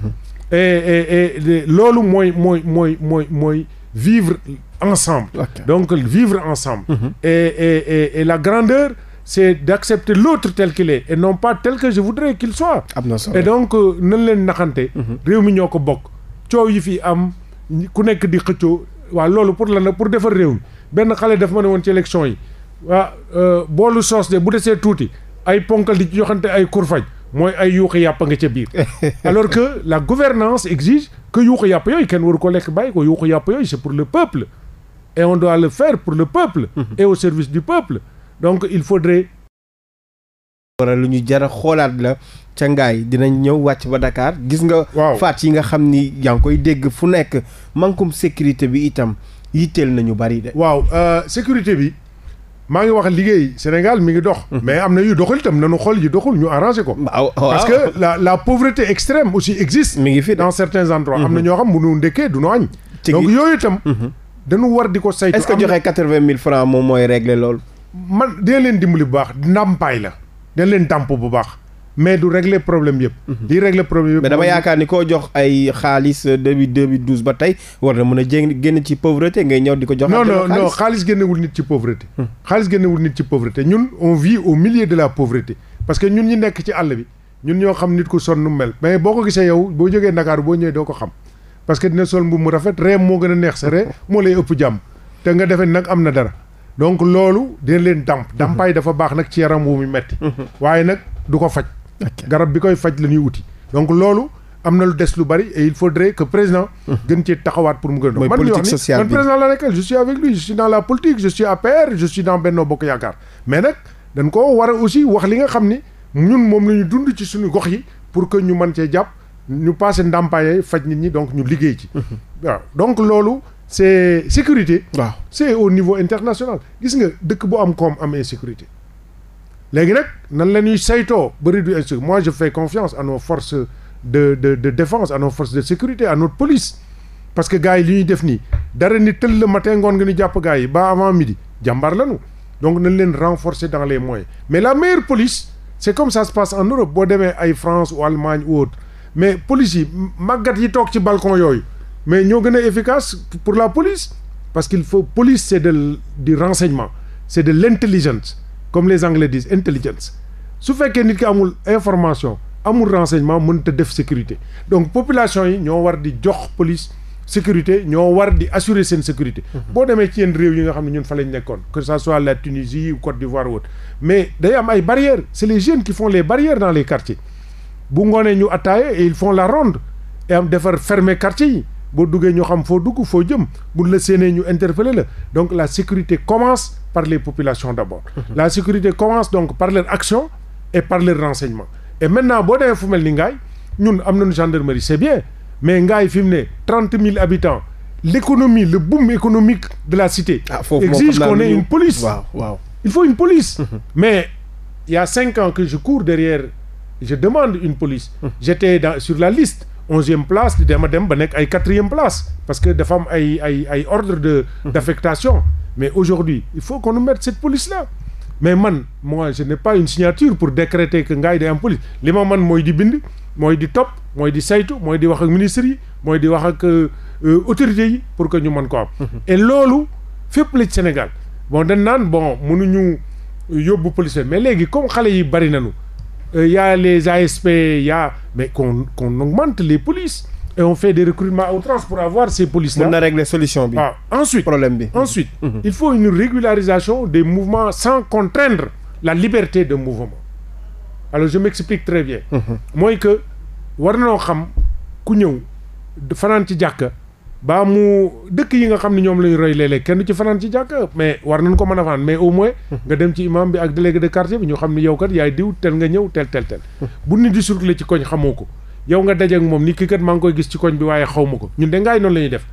loolu mooy mooy mooy mooy mooy vivre ensemble. Okay. donc vivre ensemble. Mhm. et et et, et la grandeur. c'est d'accepter l'autre tel qu'il est et non pas tel que je voudrais qu'il soit et donc euh, nan leen naxante mhm. réew mi ñoo ko bokk coow yi fi am ku nekk di xëccoo waa loolu pour lan la pour defar réew mi benn xale dafa ma ne woon ci élection yi waa euh, boolu sos de bu desee tuuti ay ponkal di joxante ay kurfaj mooy ay yuuxi yàpp nga ca biir alors que la gouvernance exige que yuuxi yàpp yooyu kenn waru ko lekk bàyyi ko yuuxi yàpp yooyu c'est pour le peuple et on doit pour le peuple mm-hmm. et au service du peuple donc il faudrait wara lu ñu jara xoolaat la ca ngaay dinañ ñëw wàcc ba Dakar gis nga faat yi nga xam ni yaa koy dégg fu nekk mankum sécurité bi itam yitteel nañu bari de. waaw euh, sécurité bi maa ngi wax liggéey Sénégal mi ngi dox. mais am na yu doxul itam nu xool ji doxul ñu arrangé ko. parce que la la pauvreté extrême aussi existe. mi ngi fi dans certains endroits. am na ñoo xam mënu ndékkee du nu añ. donc yooyu itam. dañu war di ko saytu. est-ce que joxe quatre-vingt mille francs moom mooy régler loolu. man dina leen dimbali bu baax ndàmpaay la. dina leen tàmp bu baax. mais du regle problème yëpp. Mhm. di régler problème yëpp. mais yaakaar ni koo jox ay xaalis euh, depuis 2012 ba tey war na mën a jéng génn ci pauvreté ngay ñëw di ko jox. non non non xaalis génnewul nit ci pauvreté. Hmm. xaalis génnewul nit ci pauvreté ñun on vit au milieu de la pauvreté parce que ñun ñi nekk ci àll bi ñun ñoo xam nit ku sonn mel mais boo ko gisee yow boo jógee Ndakaaru boo ñëwee doo ko xam parce que dina sol mbubb mu rafet ree moo gën a neex sa ree moo lay ëpp jàmm te nga defee nag am na dara donc loolu dina leen damp hmm. dampaay dafa baax nag ci yaram wu mu metti hmm. waaye nag du ko faj garab bi koy faj la ñuy wuti donc loolu am na lu des lu bari et il faudrait que président gën ci taxawaat pour mu gën a dox man mi wax ni man président la nekkal je suis avec lui je suis la politique je suis APR je Benno Bokk Yaakaar mais nag dañ koo war a aussi wax li nga xam ni ñun moom la ñu dund ci suñu gox yi pour que ñu mën cee jàpp ñu passé ndàmpaay faj nit ñi donc ñu liggéey ci waaw donc loolu c'est sécurité waaw c'est au niveau international gis nga dëkk bu am koom am insécurité léegi nag nan la ñuy saytoo ba réduire moi je fais confiance à nos forces de de de défense à de sécurité à notre police parce que gars yi li ñuy def nii dara ni tëll la matin ngoon nga ni jàpp gars yi ba avant midi jàmbaar lañu donc nañ leen renforcer dans les moyens mais la meilleure police c'est comme ça se passe en Europe boo demee ay France ou Allemagne ou autre mais police yi màggat yi toog ci balcon yooyu mais ñoo gën a efficace pour la police parce qu'il faut police c'est de du renseignement c'est de l'intelligence comme les anglais disent intelligence su fekkee nit ki amul information amul renseignement mënta def sécurité donc population yi ñoo war di jox police sécurité ñoo war di assurer seen sécurité. Mhm. boo demee ci yenn réew yi nga xam ne ñun fa lañ nekkoon que ça soit la Tunisie ou Côte d'Ivoire ou mais day am ay barrières c'est les jeunes qui font les barrières dans les quartiers bu ngoonee ñu attaaye et il font la ronde et am defar fermer quartier yi. boo duggee ñoo xam foo dugg foo jëm buñ la séenee ñu interpeller la donc la sécurité commence par les populations d'abord mhm. la sécurité commence donc par leur action et par leur renseignement et maintenant boo demee fu mel ni Ngaye ñun am nañu gendarmerie c'est bien mais Ngaye fi mu ne trente mille habitants l'économie le boom économique de la cité ah, exige qu'on ait une police waaw waaw il faut une police mhm. mais il y a cinq ans que je cours derrière je demande une police mhm. j'étais dans sur la liste onzième place di dem a dem ba nekk ay quatrième place parce que dafa am ay ay ay ordre de mhm. d'affectation mais aujourd'hui il faut que nous mette cette police là mais man moi je n'ai pas pour décréter que ngaay day li ma man mooy di bind mooy di topp mooy di saytu mooy di wax ak ministre yi mooy di wax ak euh, euh, autorités yi pour que ñu mën ko am mhm. et loolu fépp la Sénégal bon dañ naan bon mënuñu yóbbu police mais léegi comme xale yi bari nañu il euh, les ASP, il y Mais qu'on qu augmente les polices et on fait des recrutements à outrance pour avoir ces polices-là. On a réglé solution. Ah, ensuite, Bi. ensuite mm il faut une régularisation des mouvements sans contraindre la liberté de mouvement. Alors je m'explique très bien. Mm mooy que war nañoo xam ku ñëw fanaan ci jàkka baa mu dëkk yi nga xam ne ñoom la ñu roy léeg-léeg kenn ci fanaan ci jàkk mais war nañ ko mën a fanaan mais au moins nga dem ci imam bi ak délégué de quartier bi ñu xam ne yow kat yaay diw tel nga ñëw tel tel tel bu nit di circulé ci koñ xamoo ko yow nga dajeek moom nit ki kat maa ngi koy gis ci koñ bi waaye xaw ma ko ñun de ngaay noonu la def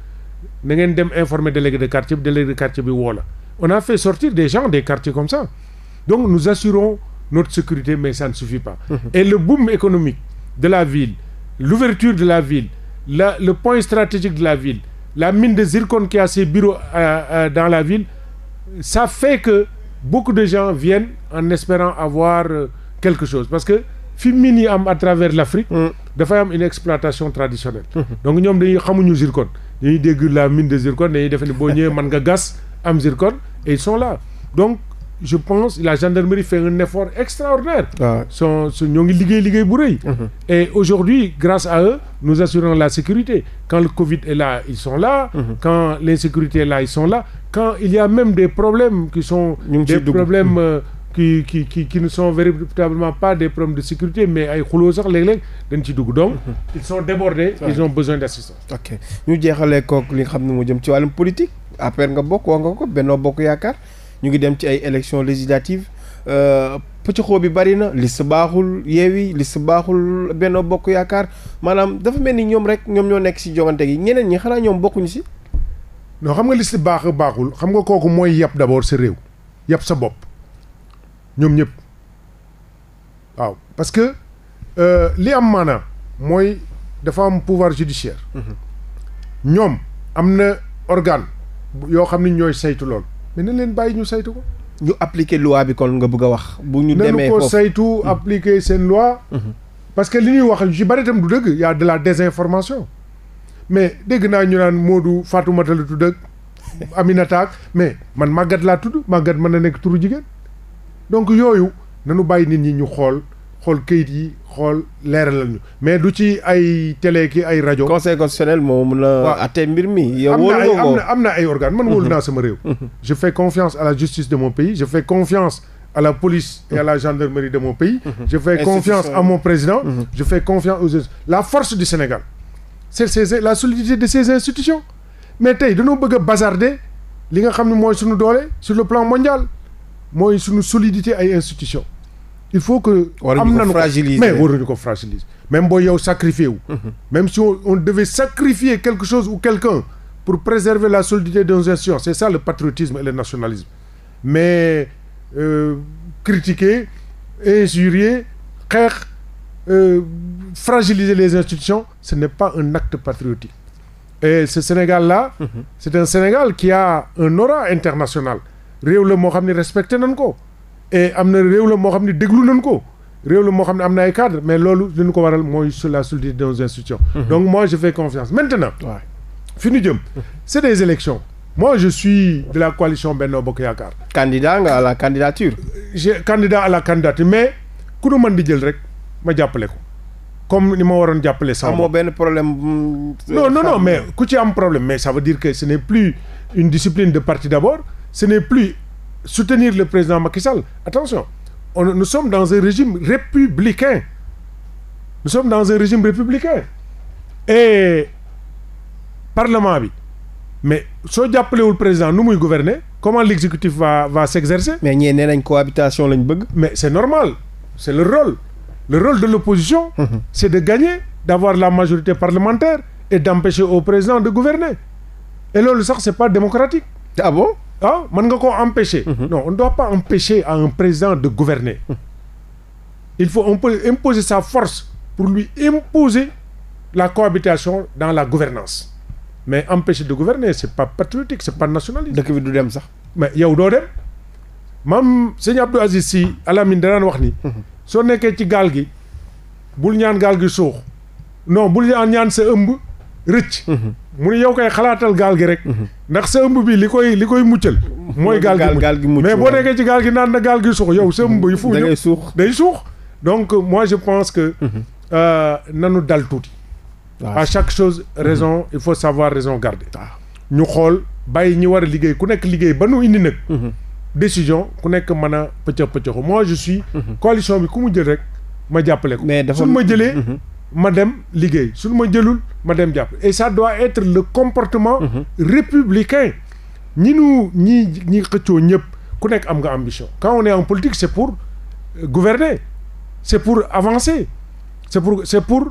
na ngeen dem informer délégué de quartier bi délégué de quartier bi woo la on a fait sortir des gens sécurité mais ça ne suffit pas et le boom économique de la ville la ville la le point stratégique de la ville la mine de zircon qui a ses bureaux euh, euh, dans la ville ça fait que beaucoup de gens viennent en espérant avoir euh, quelque chose parce que fi mine yi am à travers l'Afrique mm. dafay am une exploitation traditionnelle mm-hmm. donc ñoom dañuy xamuñu zircon dañuy dégg la mine de zircon dañuy defe ne boo ñëwee mën nga gas am zircon et ils sont là donc je pense la gendarmerie fait un effort extraordinaire. Ah. son son ñoo ngi liggéey liggéey bu rëy. Mhm. et aujourd'hui grâce à eux nous assurons la sécurité quand le Covid est là ils sont là. Mm -hmm. quand l'insécurité est là ils sont quand il y même des problèmes qui sont. des problèmes. Mhm. Euh, qui qui qui qui ne sont véritablement pas des problèmes de sécurité mais ay xuloo sax léeg-léeg dañ ci dugg donc. Mhm. ils sont débordés. ils ont besoin d'assistance. ok ñu jeexalee kook li nga xam ne moo jëm ci wàllum politique. APR nga bokk wax nga ko Benno Bokk Yaakaar. ñu ngi dem ci ay élections législatives euh, pëccëxoo bi bari na liste baaxul Yewwi liste baaxul benn Bokk Yaakaar maanaam dafa mel ni ñoom rek ñoom ñoo nekk ci joŋante gi ñeneen ñi xanaa ñoom bokkuñu si ñoo xam nga liste baax baaxul xam nga kooku mooy yàpp d'abord sa réew yàpp sa bopp ñoom ñëpp waaw parce que euh, li am maanaam mooy dafa am pouvoir judiciaire mhm. ñoom am na organ yoo xam ni ñooy saytu lool mais nañ leen bàyyi ñu saytu ko. ñu appliquer loi bi kon nga bëgg a wax. bu ñu demee ko saytu appliquer seen loi. Mhm. parce que li ñuy wax ci bari itam du dëgg y a de la désinformation. mais dégg naa ñu naan Modou Fatoumata la tudd ak Aminata mais man màggat laa tudd màggat mën na nekk turu jigéen donc yooyu nanu bàyyi nit ñi ñu xool. xool këyit yi xool leeralal ñu mais du ci ay télé ki ay rajo. conseil constitutionnel moo mun a. waaw mbir mi yow. wóolu nga am na am na ay organes man wóolu naa sama réew. je fais confiance à la justice de mon pays je fais confiance. à la police et à la gendarmerie de mon pays. Mhm. je fais confiance à mon président. Mhm. je fais confiance aux la force du Sénégal. c'est c'est la solidité de ces institutions. mais tey dañoo bëgg a bazarder li nga xam ne mooy suñu doole sur le plan mondial mooy suñu solidité ay institutions. il faut que. am nañu ko mais waruñu ko fragiliser. même boo yow sacrifié wu. Mhm. même si on, on devait sacrifier quelque chose ou quelqu'un pour préserver la solidité d'une nation c'est ça le patriotisme et le nationalisme mais euh, critiquer injurier xeex euh, fragiliser les institutions ce n'est pas un acte patriotique et ce Sénégal-là mm c'est un Sénégal qui a un aura international réew la moo xam ne respecté nañ ko et am na réew la moo xam ne déglu nañ ko réew la moo xam ne am na ay cadre mais loolu li ñu ko waral mooy sur la solidité de nos institutions mhm. donc moi je fais confiance maintenant fi ñu jëm c'est des élections moi je suis de la coalition Benno Bokk Yaakaar candidat nga à la candidature j'ai candidat à la candidature mais ku nu mën di jël rek ma jàppale ko comme ni ma waroon jàppale sama amoo benn problème mm, non non non mais ku ci am problème mais ça veut dire que ce n'est plus une discipline de parti d'abord ce n'est plus soutenir le président Macky Sall attention on nous sommes dans un régime républicain nous sommes dans un régime républicain et parlement bi mais soo jàppalewul président nu muy gouverner comment l'exécutif va va s'exercer mais ñee nee nañ cohabitation lañ bëgg mais c'est normal c'est le rôle le rôle de l'opposition mmh. c'est de gagner d'avoir la majorité parlementaire et d'empêcher au président de gouverner et loolu sax c'est pas démocratique ah bon ah mën nga ko empêcher. Mhm. non on ne doit pas à un président de gouverner. Mhm. il faut on peut imposer sa force pour lui imposer la cohabitation dans la gouvernance mais empêcher de gouverner c'est pas patriotique c'est pas nationaliste. dëkk bi du dem sax. mais yow doo dem maam sëñ Abdou Aziz Sy Alamine danaan wax ni. Mhm. soo nekkee ci gaal gi bul ñaan gaal gi suux non bul ñaan ñaan sa ëmb rëcc. mu ne yow kay xalaatal gaal gi rek mhm. ndax sa ëmb bi li koy li koy muccal mooy gaal gi mucc mais boo nekkee ci gaal gi naan na gaal gi suux yow sa ëmb yi fu ñu donc moi je pense que mhm. euh, nanu dal tuuti chaque chose mhm. raison il faut savoir raison garder ñu xool bàyyi ñi war a liggéey ku nekk liggéey ba nu indi nag décision ku nekk mën a pëccax pëccaxu moi je suis coalition bi ku mu jël rek ma jàppale ko su ma jëlee ma dem liggéey suñu ma jëlul ma dem jàpp et ça doit être le comportement mm -hmm. républicain ñi nu ñi ñi xëccoo ñëpp ku nekk am nga ambition quand on est en politique c'est pour euh, gouverner c'est pour avancer c'est pour c'est pour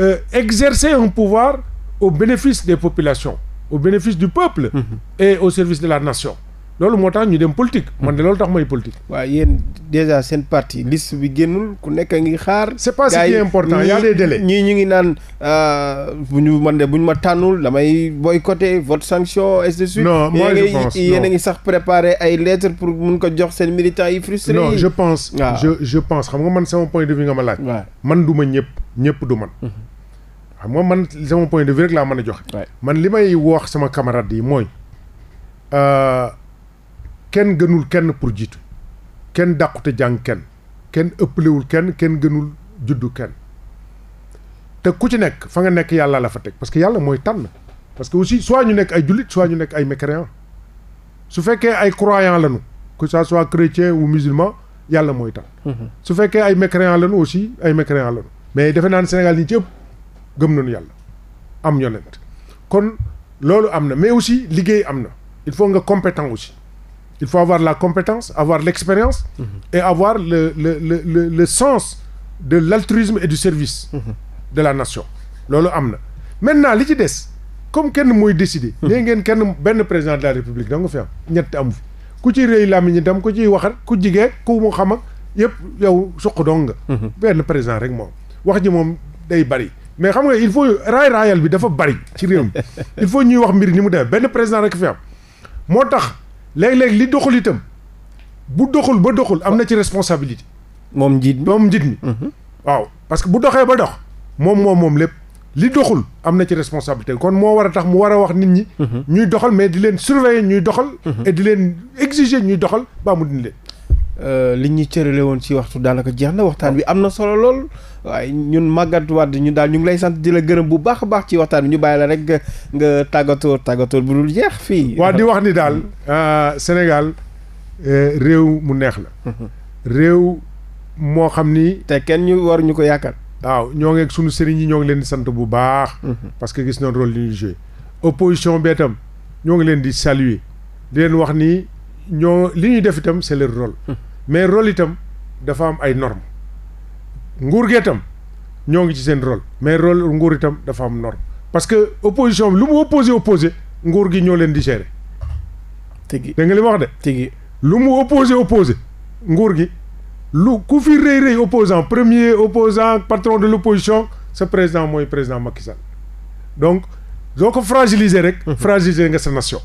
euh, exercer un pouvoir au bénéfice des populations au bénéfice du peuple mm et au service de la nation loolu moo tax ñu dem politique man de loolu tax may politique. waaw yéen déjà seen parti liste bi génnul ku nekk a ngi xaar. c'est pas ce qui est important y ñii ñu ngi naan euh, bu ñu man de bu ñu ma tànnul damay boycotter vote sanction et de suite. non moi je pense yéen a ngi sax préparer ay lettres pour mun ko jox seen militants yi frustrés. non je pense je je pense xam nga man sama point de vue nga ma laaj. man du ma ñëpp ñëpp du man. Mhm. xam nga man sama point de vue rek laa mën a joxe. man li may wax sama camarade yi mooy. Euh, kenn gënul kenn pour jiitu kenn dàqute jàng kenn kenn ëpplewul kenn kenn gënul juddu kenn te ku ci nekk fa nga nekk yàlla la fa teg parce que yàlla mooy tànn parce que aussi soit ñu nekk ay jullit soit ñu nekk ay mécréant su fekkee ay croyant lañu que ça soit chrétien ou musulman yàlla mooy tànn mhm. su fekkee ay mécréant lañu aussi ay mécréant lañu mais defe naan Sénégal ñi ci ëpp gëm nañu yàlla am yonent kon loolu am na mais aussi liggéey am na il faut nga compétent aussi il faut avoir la compétence avoir l'expérience mmh. et le le le le, le sens de l'altruisme et du service mmh. de la nation loolu am na maintenant li ci des comme kenn mooy décider léegi mhm. ngeen kenn benn président de la république da fi am ñett amu fi ku ci réy làmmiñ itam ku ciy waxat ku jigee ku mu xam ak yëpp yow suq dong nga mhm. benn président rek moom wax ji moom day bari mais xam nga il faut raay raayal bi dafa bari ci réew mi il faut ñuy wax mbir ni mu demee benn président rek fi moo tax léegi léeg li doxul itam bu doxul ba doxul am na ci responsabilité. moom njiit moom njiit mi. Mhm. waaw parce que bu doxee ba dox moom moom moom lépp li doxul am na ci responsabilité kon moo war a tax mu war a wax nit ñi. Mhm. ñuy doxal mais di leen surveiller ñuy doxal. Mhm. et di leen exiger ñuy doxal ba mu dindi leen. Euh, li ñu cërale woon ci waxtu daanaka jeex na waxtaan bi am na solo lool waaye ñun Magatte Wade ñu daal ñu ngi lay sant di la gërëm bu baax baax ci waxtaan bi ñu bàyyi la rek nga tàggatoo tàggatoo bu dul jeex fii. waa di wax ni daal hmm. euh, Sénégal euh, réew mu neex la. Hmm. réew moo xam ni. te kenn ñu war ñu ko yaakaar. waaw ñoo ngi ak sunu sëriñ yi ñoo ngi leen di sant bu baax. Hmm. parce que gis nañ rôle li ñuy joué. opposition bi itam ñoo ngi leen di saluer di leen wax ni. ñoo li ñuy def itam c'est leur rôle. Hmm. mais rôle itam dafa am ay normes nguur gee itam ñoo ngi ci seen role mais rôle nguur itam dafa am norme parce que opposition lu mu opposé opposé nguur gi ñoo leen di gérer. tigi da nga li wax de. tigi lu mu opposé opposé nguur gi lu ku fi rëy rëy opposant premier opposant patron de l'opposition sa président mooy président Macky donc soo ko fragiliser rek. Hmm. fragiliser nga sa nation.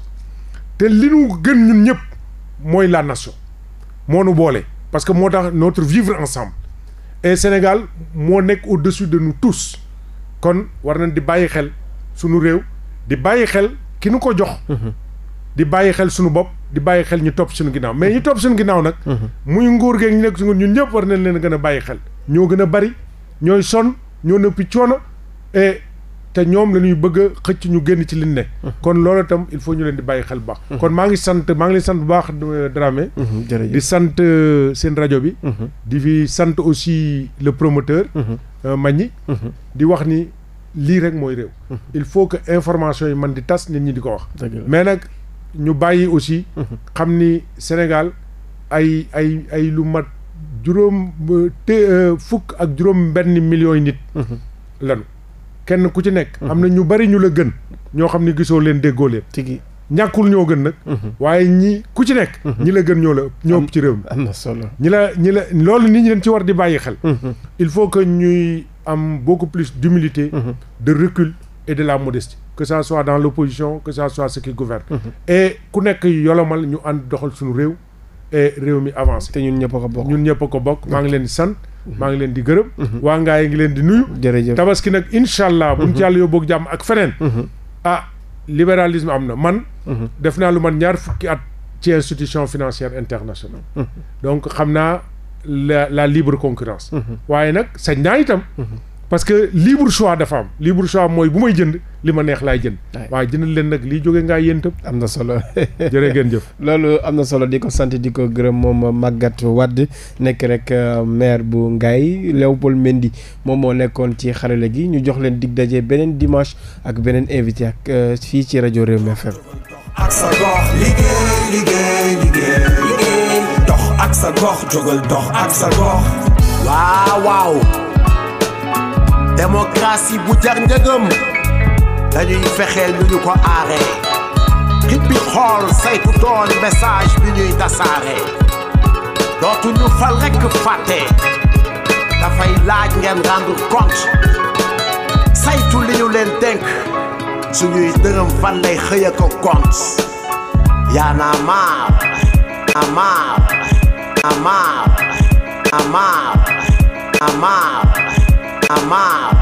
te li nu gën ñun ñëpp. mooy la nation moo nu boole parce que moo tax notre vivre ensemble et Sénégal moo nekk au-dessus de nous tous kon war nañ di bàyyi xel sunu réew di bàyyi xel ki nu ko jox mhm. di bàyyi xel nu bopp di bàyyi xel ñu topp suñu ginnaaw mais ñu topp suñu ginnaaw nag mhm. muy nguur geeg ñu nekk suñu ñun ñëpp war nañ leen gën a bàyyi xel ñoo gën a bari ñooy sonn ñoo nëppi coono te ñoom la ñuy bëgg a xëcc ñu génn ci liñ ne kon loolu itam il faut ñu leen di bàyyi xel bu baax kon maa ngi sant maa ngi leen sant bu baax euh, Dramé di sant euh, seen rajo bi di fi sant aussi le promoteur euh, Magny di wax ni lii rek mooy réew il faut que information yi man di tas nit ñi di ko wax mais nag ñu bàyyi aussi xam ni Sénégal ay ay ay lu mat juróom te fukk ak juróom benn million yi nit lanu kenn ku ci nekk. am na ñu bari ñu la gën. ñoo xam ne gisoo leen déggoo leen. tigi ñàkkul ñoo gën nag. Mhm. waaye ñi ku ci nekk. Mhm. ñi la gën ñoo la ñoo ëpp ci réew mi. am na solo ñi la ñi la loolu nit ñi dañ ci war di bàyyi xel. Mhm. il faut que ñuy am beaucoup plus d'humilité. de recul et de la modestie. que ça soit dans l'opposition que ça soit ceux qui gouvernent. et ku nekk yolomal ñu ànd doxal suñu réew. et réew mi avancé. te ñun ñëpp ko bokk ñun ñëpp ko bokk maa ngi leen di san mhm. maa ngi leen di gërëm. Mhm. waa ngaa yi ngi leen di nuyu. jërëjëf tabaski nag incha allah. buñ mhm. ci yàlla yóbbu jàmm ak feneen. ah libéralisme am na man. def naa lu man ñaar fukki at ci institution financière internationale. donc xam naa la la libre concurrence. waaye nag sañ naa itam. parce que libre choix dafa am libre choix mooy bu may jënd li ma neex laay jënd. waaye jëndal leen nag li jóge ngaa yéen itam. am na solo jërë ngeen jëf. loolu am na solo di ko sant di ko gërëm moom Magatte wàdd nekk rek euh, maire bu ngay Léopold Mendy moom moo nekkoon ci xarale gi ñu jox leen dig dajee beneen dimanche ak beneen invité ak euh, fii ci rajo Rewmi FM. ak sa gox liggéey liggéey liggéey dox ak sa gox jógal dox ak sa gox waaw démocratie bu jar njëgëm dañuy fexeel lu ñu ko aare xit xool saytu doon message bi ñuy tasaare dootu ñu fal rekk fàtte dafay laaj ngeen rendre compte saytu li ñu leen dénk suñuy dërëm fan lay xëya a marre, a marre, a marre, a I'm out.